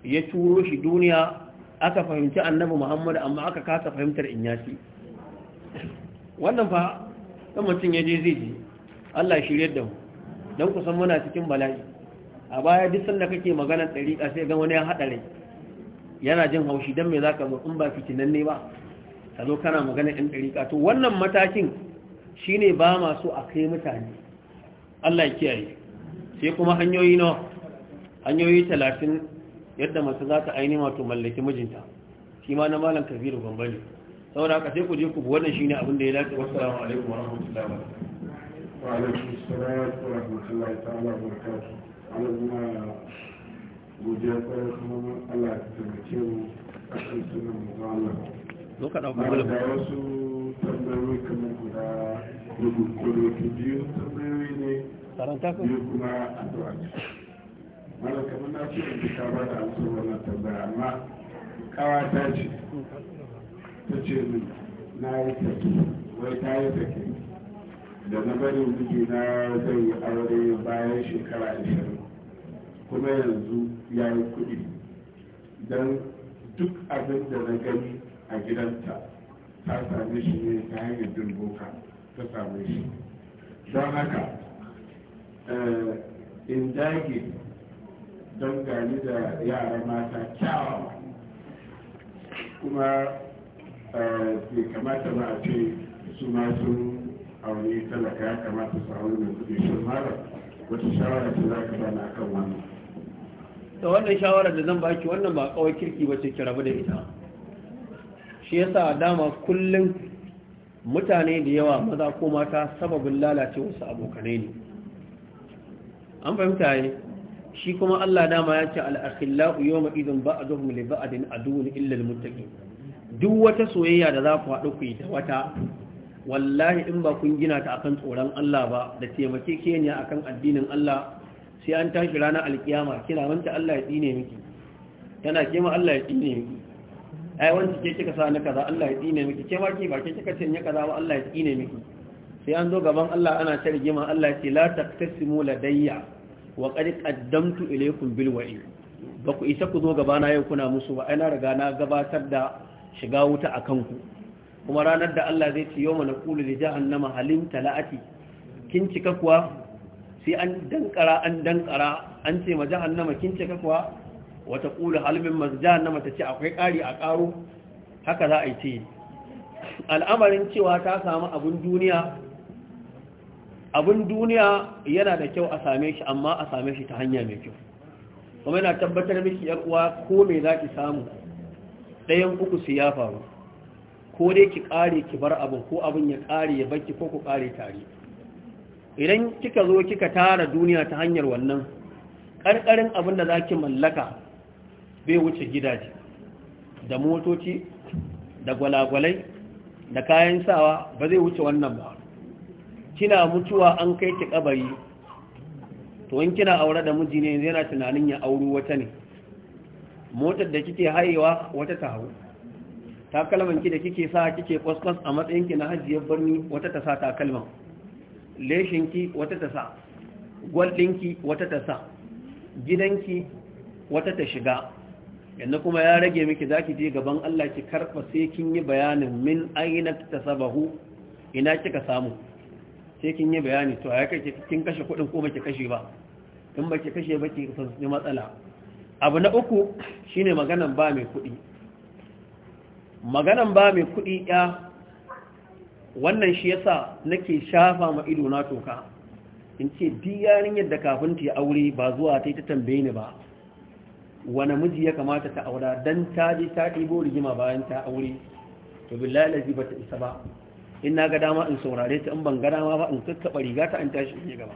ya turo shi duniya aka fahimci annabi Muhammad amma aka kasa fahimtar in ya wannan fa dan mutun ya je zai ji Allah shirye da mu dan san muna cikin bala'i a baya duk sanda kake magana dariƙa sai ga wani ya hada rai yana jin haushi don me za ka zo in ba nan ne ba ka zo kana magana yan ɗariƙa to wannan matakin shi ne ba masu a kai mutane allah ya kiyaye sai kuma hanyoyi na hanyoyi talatin yadda masu za ta aini mato mallaki mijinta shi ma na malam kabiru bambali saboda haka sai ku je ku bi wannan ne abin da ya dace wasu alaikum wa rahmatullahi wa barakatuh وعليكم السلام ورحمة الله تعالى وبركاته على godiya kwarar kuma Allah ta taimake mu a cikin sunan tambayoyi biyu tambayoyi ne. Biyu kuma na ta ba da tambaya amma ce. Ta ce min na yi wai ta yi da bari zai yi aure bayan shekara ashirin. kuma yanzu ya yi kuɗi don duk abin da na gani a gidanta ta same shi ne ta hanyar bin boka ta same shi don haka eh, in dage don gani da yara mata kyawa kuma eh, bai kamata ba a ce su ma sun aure talaka ya kamata su aure mai kudi shi mara wata shawara ce za ka bana akan wannan da wannan shawarar da zan baki wannan ba kawai kirki ba ce ki rabu da ita shi yasa dama kullum mutane da yawa maza ko mata sababin lalace wasu abokanai ne an fahimta ne shi kuma Allah dama ya ce al-akhillau yawma idhin ba'dhum li ba'din adun illa al-muttaqin duk wata soyayya da za ku haɗu ku yi da wata wallahi in ba kun gina ta akan tsoron Allah ba da taimake keniya akan addinin Allah sai an tashi ranar alkiyama kina manta Allah ya tsine miki tana kema Allah ya tsine miki ai wanda ke kika sa na kaza Allah ya tsine miki ke ma ke ba ke kika cinye kaza ba Allah ya tsine miki sai an zo gaban Allah ana ta rigima Allah ya ce la taqtasimu ladayya wa qad qaddamtu ilaykum bil wa'i ba ku isa ku zo gaba na yau kuna musu ba ai na riga na gabatar da shiga wuta akan ku kuma ranar da Allah zai ce yawma naqulu li jahannama halim tala'ati kin cika kuwa sai an dankara an dankara an ce ma jahannama kin ce kuwa wata kula halmin masu jahannama ta ce akwai ƙari a ƙaro haka za a yi ce al'amarin cewa ta samu abin duniya abin duniya yana da kyau a same shi amma a same shi ta hanya mai kyau kuma yana tabbatar miki yar uwa ko me za ki samu ɗayan uku su ya faru ko dai ki ƙare ki bar abin ko abin ya ƙare ya bakki ko ku ƙare tare idan kika zo kika tara duniya ta hanyar wannan ƙarƙarin abin da za ki mallaka bai wuce gidaje da motoci da gwalagwalai da kayan sawa ba zai wuce wannan ba kina mutuwa an kai ki kabari to in kina aure da miji ne yana tunanin ya auri wata ne motar da kike hayewa wata ta hau takalman ki da kike sa kike kwaskwas a matsayinki na hajjiyar birni wata ta sa takalman leshinki wata ta sa gwaldinki wata ta sa gidanki wata ta shiga yanzu kuma ya rage miki zaki je gaban Allah ki karfa sai kin yi bayanin min aina tasabahu ina kika samu sai kin yi bayani to ya kai kin kashe kuɗin ko baki kashe ba in baki kashe ba ki matsala abu na uku shine maganan ba mai kuɗi maganan ba mai kuɗi ya wannan shi yasa nake shafa ma ido na toka in ce diyarin yadda kafin ta yi aure ba zuwa ta yi ta tambaye ni ba wani miji ya kamata ta aura dan ta je ta ɗibo rigima bayan ta aure to billahi lazi ba ta isa ba in na ga dama in saurare ta in ban ga dama ba in kakkaɓa riga ta in tashi in gaba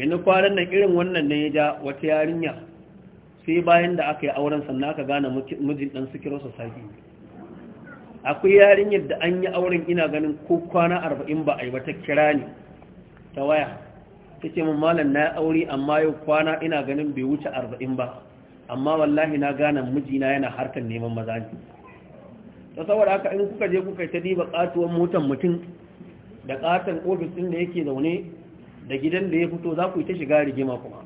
ina kwanan nan irin wannan ne ya ja wata yarinya sai bayan da aka yi auren sannan aka gane mijin ɗan sikirar sosai akwai yarinyar da an yi auren ina ganin ko kwana arba'in ba a yi ba ta kira ne ta waya ta ce min na aure amma yau kwana ina ganin bai wuce arba'in ba amma wallahi na gane mijina yana harkar neman maza ne ta saboda haka in kuka je kuka ta diba katuwar motar mutum da katon ofis ɗin da yake zaune da gidan da ya fito za ku yi ta shiga rigima kuma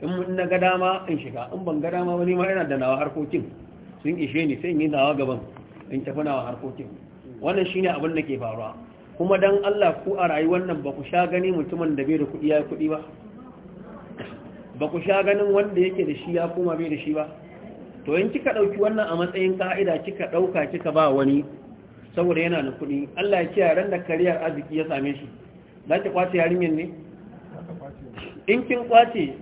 in na ga dama in shiga in ban ga dama wani ma yana da nawa harkokin sun ishe ni sai in yi nawa gaban in tafi nawa harkokin wannan shine abin da ke faruwa kuma dan Allah ku a rayuwar nan ba ku sha gani mutumin da bai da kuɗi ya kuɗi ba ba ku sha ganin wanda yake da shi ya kuma bai da shi ba to in kika ɗauki wannan a matsayin ka'ida kika ɗauka kika ba wani saboda yana da kuɗi Allah ya kiyaye ran da kariyar arziki ya same shi za ki kwace yarinyar ne in kin kwace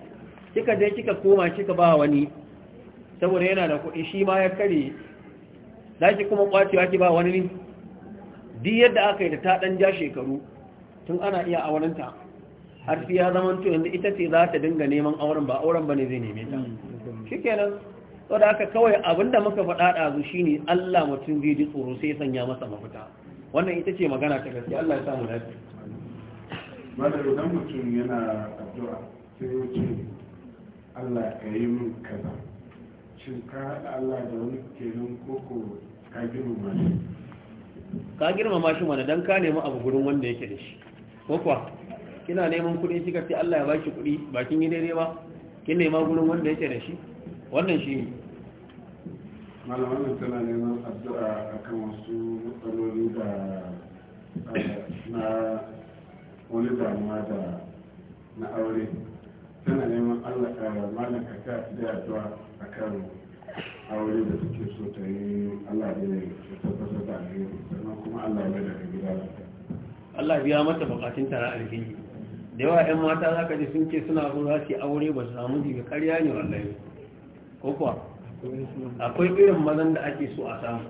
kika je kika koma kika ba wani saboda yana da kuɗi shi ma ya kare za ki kuma kwacewa ki ba wani ne duk yadda aka yi da ta ɗan ja shekaru tun ana iya aurenta har fi ya zama to yanzu ita ce za ta dinga neman auren ba auren ba ne zai neme ta shikenan to da aka kawai abinda muka faɗa ɗazu shine Allah mutum zai ji tsoro sai ya sanya masa mafita wannan ita ce magana ta gaskiya Allah ya samu lafiya madar idan mutum yana addu'a sai ya ce Allah ya yi min kaza shin ka haɗa Allah da wani kenan koko ka girmama shi ka girmama shi mana dan ka nemi abu gurin wanda yake da shi ko kuwa kina neman kuɗi kika ce Allah ya baki kuɗi Ba kin yi daidai ba kin nema gurin wanda yake da shi wannan shi ne malaman tana neman addu'a akan wasu matsaloli da ah, na wani damuwa da na aure tana neman Allah ah, ka malaka ta da addu'a akan aure da suke so ta yi Allah ne ya tabbatar da alheri sannan kuma Allah ya daga gida Allah biya mata bukatun tara alheri da yawa 'yan mata za ka ji sun ce suna zuwa za su aure ba su samu jibi karya ne wallahi ko kuwa akwai irin mazan da ake so a samu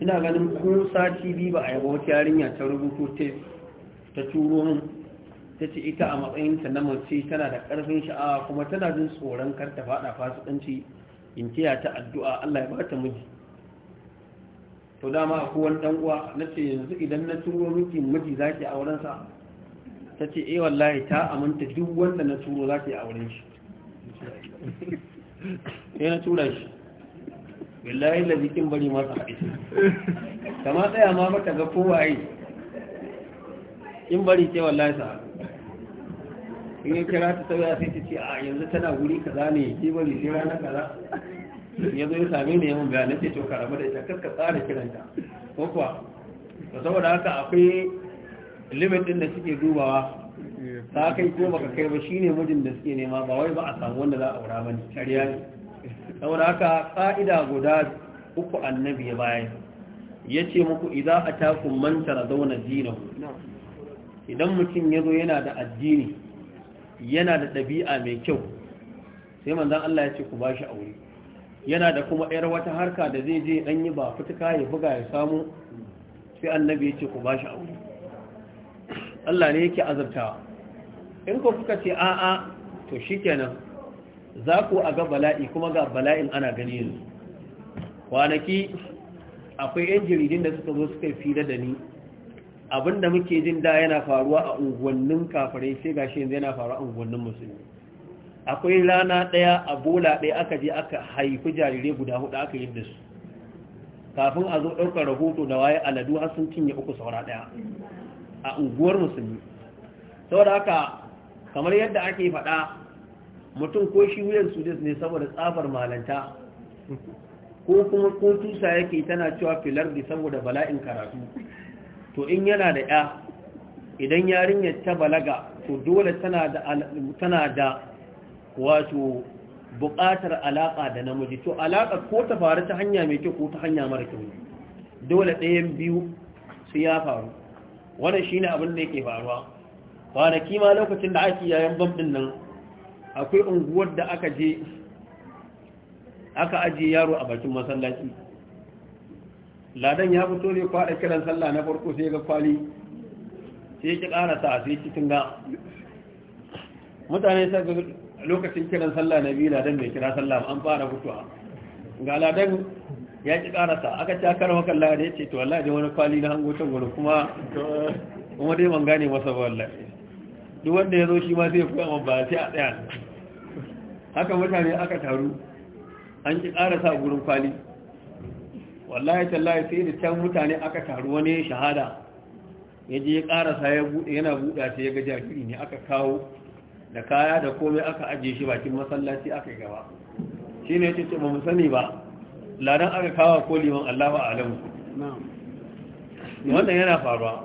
ina ganin kun sati biyu ba a yaba wata yarinya ta rubuto ta turo min ta ce ita a matsayinta na mace tana da ƙarfin sha'awa kuma tana jin tsoron kar ta faɗa fasikanci in tiya ta addu'a Allah ya bata miji to dama akwai wani dan uwa nace yanzu idan na turo miki miji zaki wurin sa tace eh wallahi ta aminta duk wanda na turo zaki wurin shi eh na tura shi wallahi lazikin bari ma sai kama tsaya ma mata ga kowa yi in bari ke wallahi sa in ya kira ta sauya sai ta ce a yanzu tana wuri kaza ne ji bari sai rana kaza ya zo ya same ni yawan bayanan ce to karama da ita karka tsara kiranta ko kuwa ba saboda haka akwai limit din da suke dubawa ta kai ko baka kai ba shine mijin da suke nema ba wai ba a samu wanda za a aura bane shari'a ne saboda haka ka'ida guda uku annabi ya bayan ya ce muku idza atakum man taradawna dinahu idan mutum ya zo yana da addini yana da ɗabi'a mai kyau sai manzan Allah ya ce ku ba shi aure yana da kuma ‘yar wata harka da zai je ɗan yi ba fituka ya buga ya samu sai annabi ya ce ku ba shi aure Allah ne yake azabtawa in ku kuka ce a'a to shi kenan za ku a ga bala'i kuma ga bala'in ana gani yanzu kwanaki akwai 'yan jaridun da suka zo suka fi da ni Abin da muke jin da yana faruwa a unguwannin kafirai sai gashi yanzu yana faruwa a unguwannin musulmi akwai rana ɗaya a bola ɗaya aka je aka haifi jarirai guda hudu aka yi da su kafin a zo ɗaukar rahoto da waye aladu har sun cinye uku saura ɗaya a unguwar musulmi saboda haka kamar yadda ake faɗa mutum ko shi wuyan su ne saboda tsabar malanta ko kuma ko tusa yake tana cewa filar da saboda bala'in karatu to in yana da ya idan yarinyar ta balaga to dole tana da wato buƙatar alaƙa da namiji to alaƙa ko ta faru ta hanya mai kyau ko ta hanya mara kyau dole ɗayan biyu su ya faru wannan shine abin da yake faruwa kwanaki ma lokacin da ake yayin bam ɗin nan akwai unguwar da aka je aka ajiye yaro a bakin masallaci ladan ya fito ne kwaɗa kiran sallah na farko sai ga kwali sai ki ƙara sa sai cikin ga mutane sa lokacin kiran sallah na biyu ladan bai kira sallah an fara fitowa ga ladan ya ki karasa aka ci akar makan lahar ya ce to wallahi da wani kwali na hango can gudu kuma kuma dai ban gane masa ba wallahi duk wanda ya zo shi ma zai fi amma ba sai a tsaya haka mutane aka taru an ki karasa gurin kwali wallahi tallahi sai da can mutane aka taru wani shahada ya je ya karasa ya bude yana buda ta ya ga jariri ne aka kawo da kaya da komai aka ajiye shi bakin masallaci aka yi gaba shi ne ce ba mu sani ba ladan aka kawo ko liman Allah ba alamu wannan yana faruwa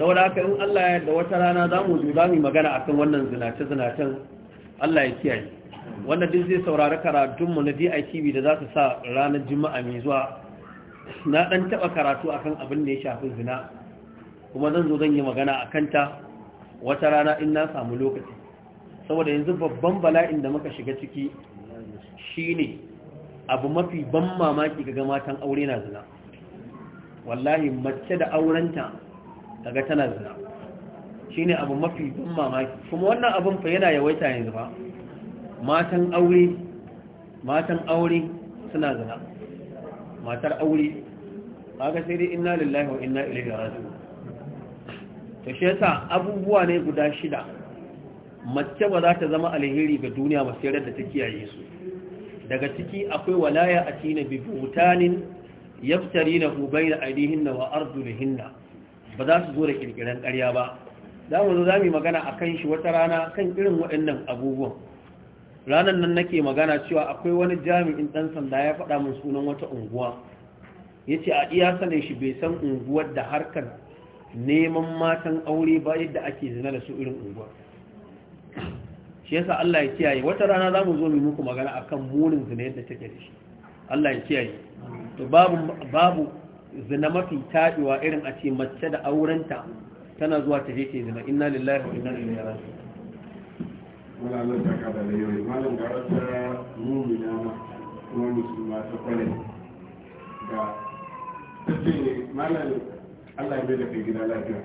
saboda haka in Allah ya da wata rana za mu zo za mu magana akan wannan zinace zinacen Allah ya kiyaye Wannan duk zai saurari karatunmu na DITV da za su sa ranar juma'a mai zuwa na ɗan taɓa karatu akan abin da ya shafi zina kuma zan zo zan yi magana a kanta wata rana in na samu lokaci saboda yanzu babban bala'in da muka shiga ciki shine abu mafi ban mamaki ga matan aure na zina wallahi mace da aurenta daga tana zina shine abu mafi ban mamaki kuma wannan abin fa yana yawaita yanzu ba matan aure matan aure suna zina matar aure kaga sai dai inna lillahi wa inna ilaihi raji'un to shi yasa abubuwa ne guda shida mace ba za ta zama alheri ga duniya ba sai da ta kiyaye su daga ciki akwai walaya a cikin bi butanin hu bayna aidihinna wa arjulihinna ba za su zo da kirkiran ƙarya ba za mu zo za mu yi magana akan shi wata rana kan irin waɗannan abubuwan ranar nan nake magana cewa akwai wani jami'in ɗan sanda ya faɗa min sunan wata unguwa ya ce a iya sanin shi bai san unguwar da harkar neman matan aure ba yadda ake zina da su irin unguwa. shi yasa Allah ya kiyaye wata rana za mu zo mu muku magana akan munin zina yadda take da shi Allah ya kiyaye to babu babu zina mafi taɗewa irin a ce mace da aurenta tana zuwa ta je ke zina inna lillahi wa inna ilaihi raji'un muna nan saka da layoyi malam ga wata mumina na kuma musulma ta kwale ga ta ce malam allah bai da kai gida lafiya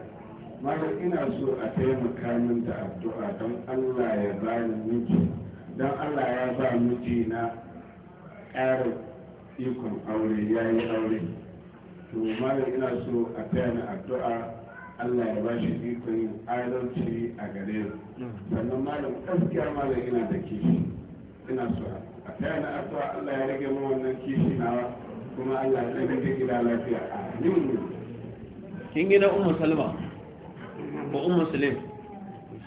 malam ina so a taimaka min da addu'a don allah ya ba ni miji don allah ya ba miji na ƙarin ikon aure ya yi aure to malam ina so a taya ni addu'a Allah ya ba shi ikon adalci a gare mu sannan malam gaskiya malam ina da kishi ina so a kai na addu'a Allah ya rage mu wannan kishi nawa kuma Allah ya rage da gida lafiya a yin mu. kin gina ummu salma ko ummu salim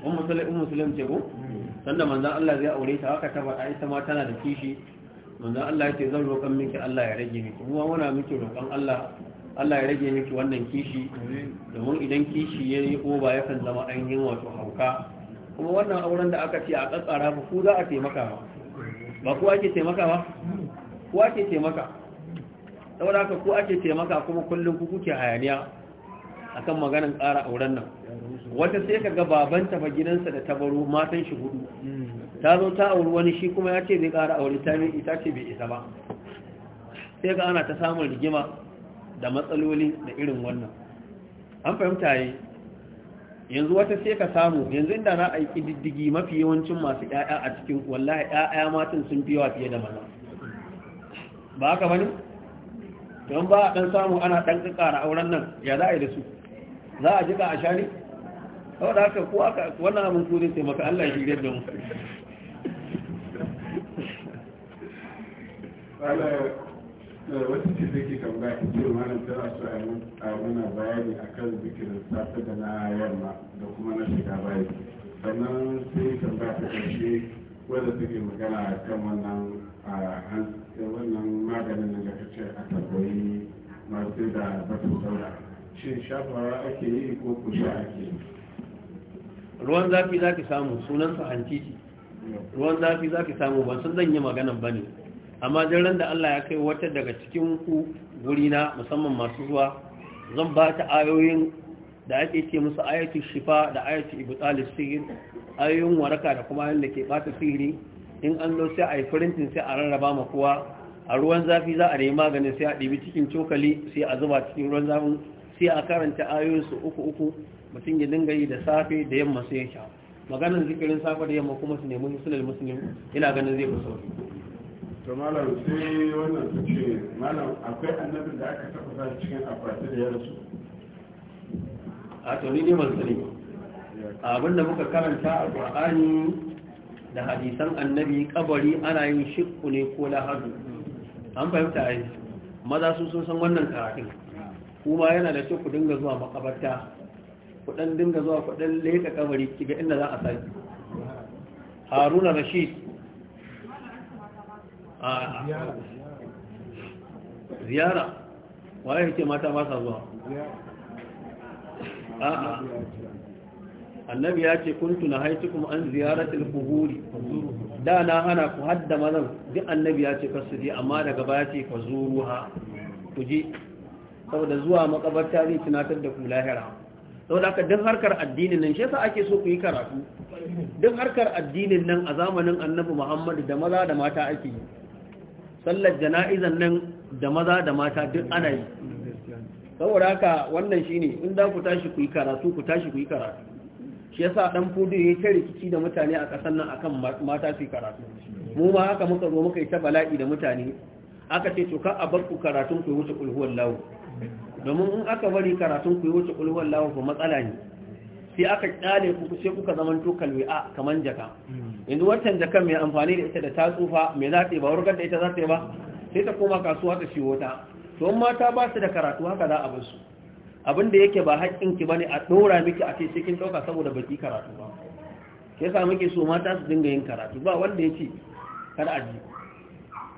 ummu salim ummu salim ce ko sanda manzon Allah zai aure ta haka ta faɗa ita ma tana da kishi manzon Allah ya ce zan roƙan miki Allah ya rage miki kuma muna miki roƙan Allah Allah ya rage miki wannan kishi domin idan kishi ya yi ya kan zama ainihin wato hauka kuma wannan auren da aka ce a kankara ba ku za a taimaka ba ba ku ake taimaka ba ku ake taimaka saboda haka ku ake taimaka kuma kullum ku kuke hayaniya akan maganin ƙara auren nan wata sai ka ga babanta ba gidansa da ta baro matan shi hudu ta zo ta auri wani shi kuma ya ce bai ƙara aure ta ita ce bai isa ba sai ga ana ta samun rigima da matsaloli da irin wannan an fahimta yi yanzu wata sai ka samu yanzu inda na aiki diddigi mafi yawancin masu ƴaƴa a cikin wallahi ƴaƴa matan sun fi yawa fiye da maza ba haka bane don ba a ɗan samu ana ɗan kikara auren nan ya za a yi da su za a jika a shari saboda haka ko aka wannan abin ko sai taimaka Allah ya da mu Eh, wata ce take tambaya ta ce malam tana so a muna bayani akan zikirin safe da na yamma da kuma na shiga bayi sannan sai tambaya ta ƙarshe wadda suke magana a kan wannan eh, wannan maganin da ka ce a tambayi masu da batun saura shin shafawa ake yi ko kushe ake yi ruwan zafi za ki samu sunansa hanciki ruwan zafi za ki samu ban san zan yi maganan ba ne amma jiran da Allah ya kai wata daga cikin ku gurina musamman masu zuwa zan ba ta ayoyin da ake ce musu ayatu shifa da ayatu ibtalis sihir ayoyin waraka da kuma ayoyin da ke bata sihiri in an lo sai a yi printing sai a rarraba ma kowa a ruwan zafi za a nemi maganin sai a ɗibi cikin cokali sai a zuba cikin ruwan zafin sai a karanta ayoyin su uku uku mutum ya dinga yi da safe da yamma sai ya sha maganin zikirin safe da yamma kuma su nemi musulul musulmi ina ganin zai fi to malam sai wannan su ce malam akwai annabin da aka taɓa sa cikin akwati da ya rasu a tori ne ban sani abin da muka karanta a qur'ani da hadisan annabi kabari ana yin shiqqu ne ko lahadu an fahimta yi maza su sun san wannan karatun kuma yana da kyau ku dinga zuwa makabarta ku dinga zuwa ku dan leka kabari kiga inda za a saki haruna rashid Ziyara, wa ya ce mata masa zuwa a'a annabi ya ce kuntu na kuma an ziyaratul quburi da na hana ku hadda mazan duk annabi ya ce kasu je amma daga baya ce ka zuru ha ku je saboda zuwa makabarta zai tunatar da ku lahira saboda haka duk harkar addinin nan shi yasa ake so ku yi karatu duk harkar addinin nan a zamanin annabi Muhammadu da maza da mata ake yi sallar jana'izan nan da maza da mata duk ana yi saboda haka wannan shine in za ku tashi ku yi karatu ku tashi ku yi karatu shi yasa dan fudu ya ta rikici da mutane a kasan nan akan mata su karatu mu ma haka muka zo muka yi ta bala'i da mutane aka ce to ka a bar ku karatun ku yi wuce lawo. domin in aka bari karatun ku yi wuce lawo ba matsala ne sai aka kyale ku sai kuka zaman to wi'a kamar jaka yanzu wancan jakan mai amfani da ita da ta tsufa mai za ba wurgar da ita za ta yi ba sai ta koma kasuwa ta shiwo ta to mata ba su da karatu haka za a bar su abin da yake ba haƙƙin ki bane a ɗora miki a ce cikin ɗauka saboda baki karatu ba ke sa muke so mata su dinga yin karatu ba wanda ya ce kar a ji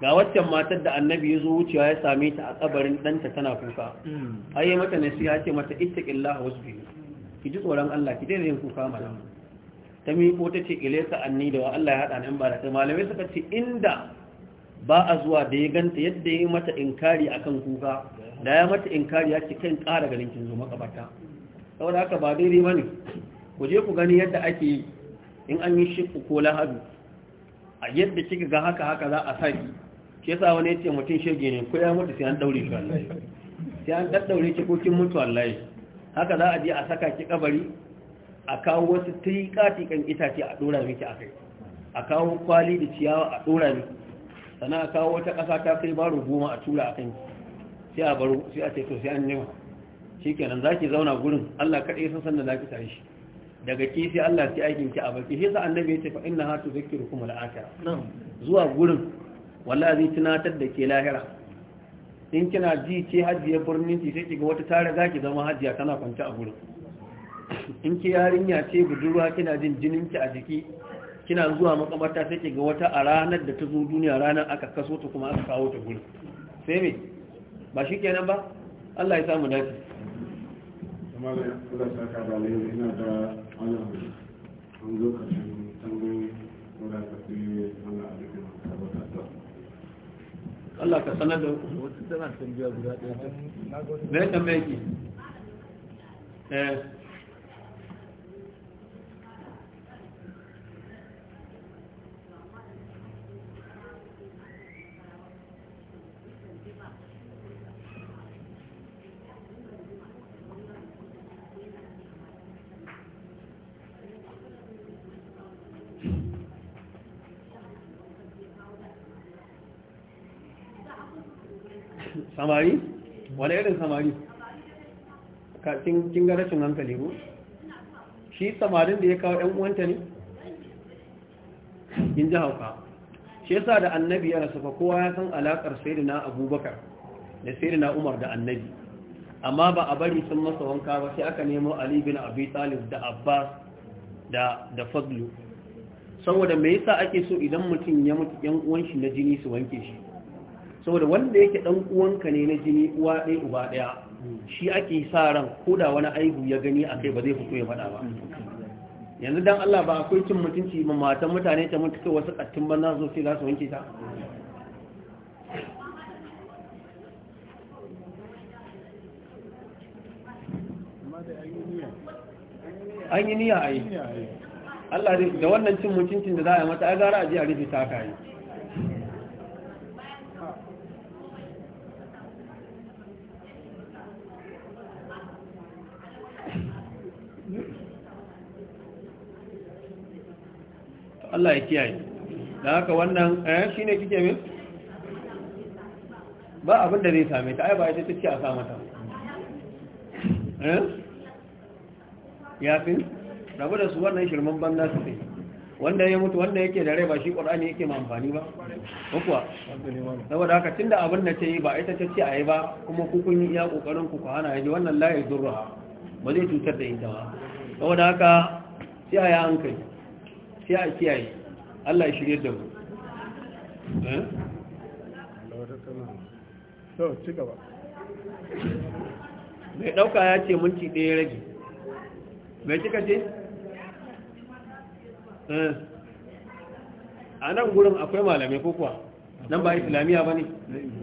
ga waccan matar da annabi ya zo wucewa ya same ta a kabarin ɗanta tana kuka hmm. ai mata nasiha ce mata wasu wasbihi ki ji tsoron Allah ki daina yin kuka malam. ta miko ta ce ilaisa anni da wa Allah ya hada nan ba da kai malamai suka ce inda ba a zuwa da ya ganta yadda ya yi mata inkari akan kuka da ya mata inkari ya ce kan ƙara garin kin zo makabata saboda haka ba daidai ba ne ku je ku gani yadda ake in an yi shiku ko lahadu a yadda kika ga haka haka za a saki ke yasa wani ya ce mutum shege ne ko ya mutu sai an daure shi wallahi sai an daddaure ki ko kin mutu wallahi haka za a je a saka ki kabari a kawo wasu tiƙa-tiƙan itace a ɗora miki a kai a kawo kwali da ciyawa a ɗora miki sannan a kawo wata ƙasa ta kai baro goma a tura a kan sai a baro sai a ce to sai an nema shi kenan za ki zauna gurin allah kaɗai sun san da za ki tare shi daga ki sai allah sai aikin ki a baki Sai sa annabi ya ce fa inna hatu zakiru kuma la'akira zuwa gurin wallahi zai tunatar da ke lahira in kina ji ce hajjiyar birnin ce sai kiga wata tare za ki zama hajjiya tana kwance a gurin in ki yarinya ce budurwa kina jin jinin ki a jiki kina zuwa makamarta sai kiga wata a ranar da ta zo duniya ranar aka kaso ta kuma aka kawo ta gurin sai me ba shi kenan ba Allah ya samu dace kuma da kula ka da alayhi ina da wani an zo karshen tambayoyi ko da tafi Allah Allah ka sanar da wata tana tambaya guda ɗaya na ga wata mai ki eh samari wani irin samari kin ga rashin hankali ko shi samarin da ya kawo ‘yan uwanta ne in ji hauka shi yasa da annabi ya rasu kowa ya san alaƙar sai na abubakar da sai na umar da annabi amma ba a bari sun masa wanka ba sai aka nemo ali bin abi talib da Abba da da fadlu saboda me yasa ake so idan mutum ya mutu ‘yan uwan shi na jini su wanke shi saboda wanda yake dan uwanka ne na jini uwa ɗaya uba ɗaya shi ake sa ran koda wani aibu ya gani akai ba zai fito ya faɗa ba yanzu dan Allah ba akwai cin mutunci ma matan mutane ta mutu kai wasu kattun banza zo sai za su wanke ta an yi niyya a yi Allah da wannan cin mutuncin da za a yi mata a gara a ji a rufe ta ka yi Allah ya kiyaye da haka wannan eh ne kike min ba abin da zai same ta ai ba ita ce a sa mata eh ya fi rabu da su wannan shirman banda su sai wanda ya mutu wanda yake da rai ba shi ƙwarani yake ma amfani ba kuwa saboda haka tunda abin da ce yi ba ita ta ce a yi ba kuma kukun yi iya ƙoƙarin ku hana yaji wannan laye zurra ba zai cutar da ita ba saboda haka sai a yi hankali sai a kiyaye Allah ya shirye da mu eh? mai ɗauka ya ce minti ɗaya rage mai kika ce? Eh. a nan gurin akwai malamai ko kuwa nan ba islamiyya ba ne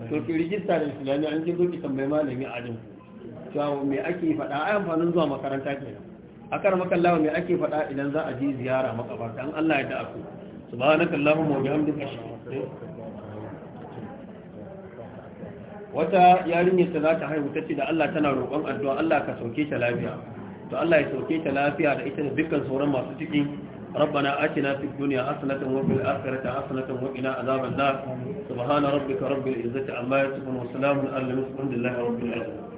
to fi rijista da islamiyya an ji zo ki tambayi malami a jin cewa mai ake faɗa a yamfanin zuwa makaranta nan a akar makallawa me ake faɗa idan za a je ziyara makabarta an Allah ya da aku subhanaka allahumma wa bihamdika wata yarinyar ta za ta haihu ta ce da Allah tana roƙon addu'a Allah ka sauke ta lafiya to Allah ya sauke ta lafiya da ita da dukkan sauran masu ciki ربنا آتنا في الدنيا حسنة وفي الآخرة حسنة وقنا عذاب النار سبحان ربك رب العزة عما يصفون وسلام على المسلمين لله رب العالمين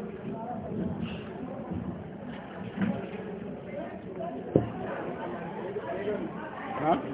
Huh?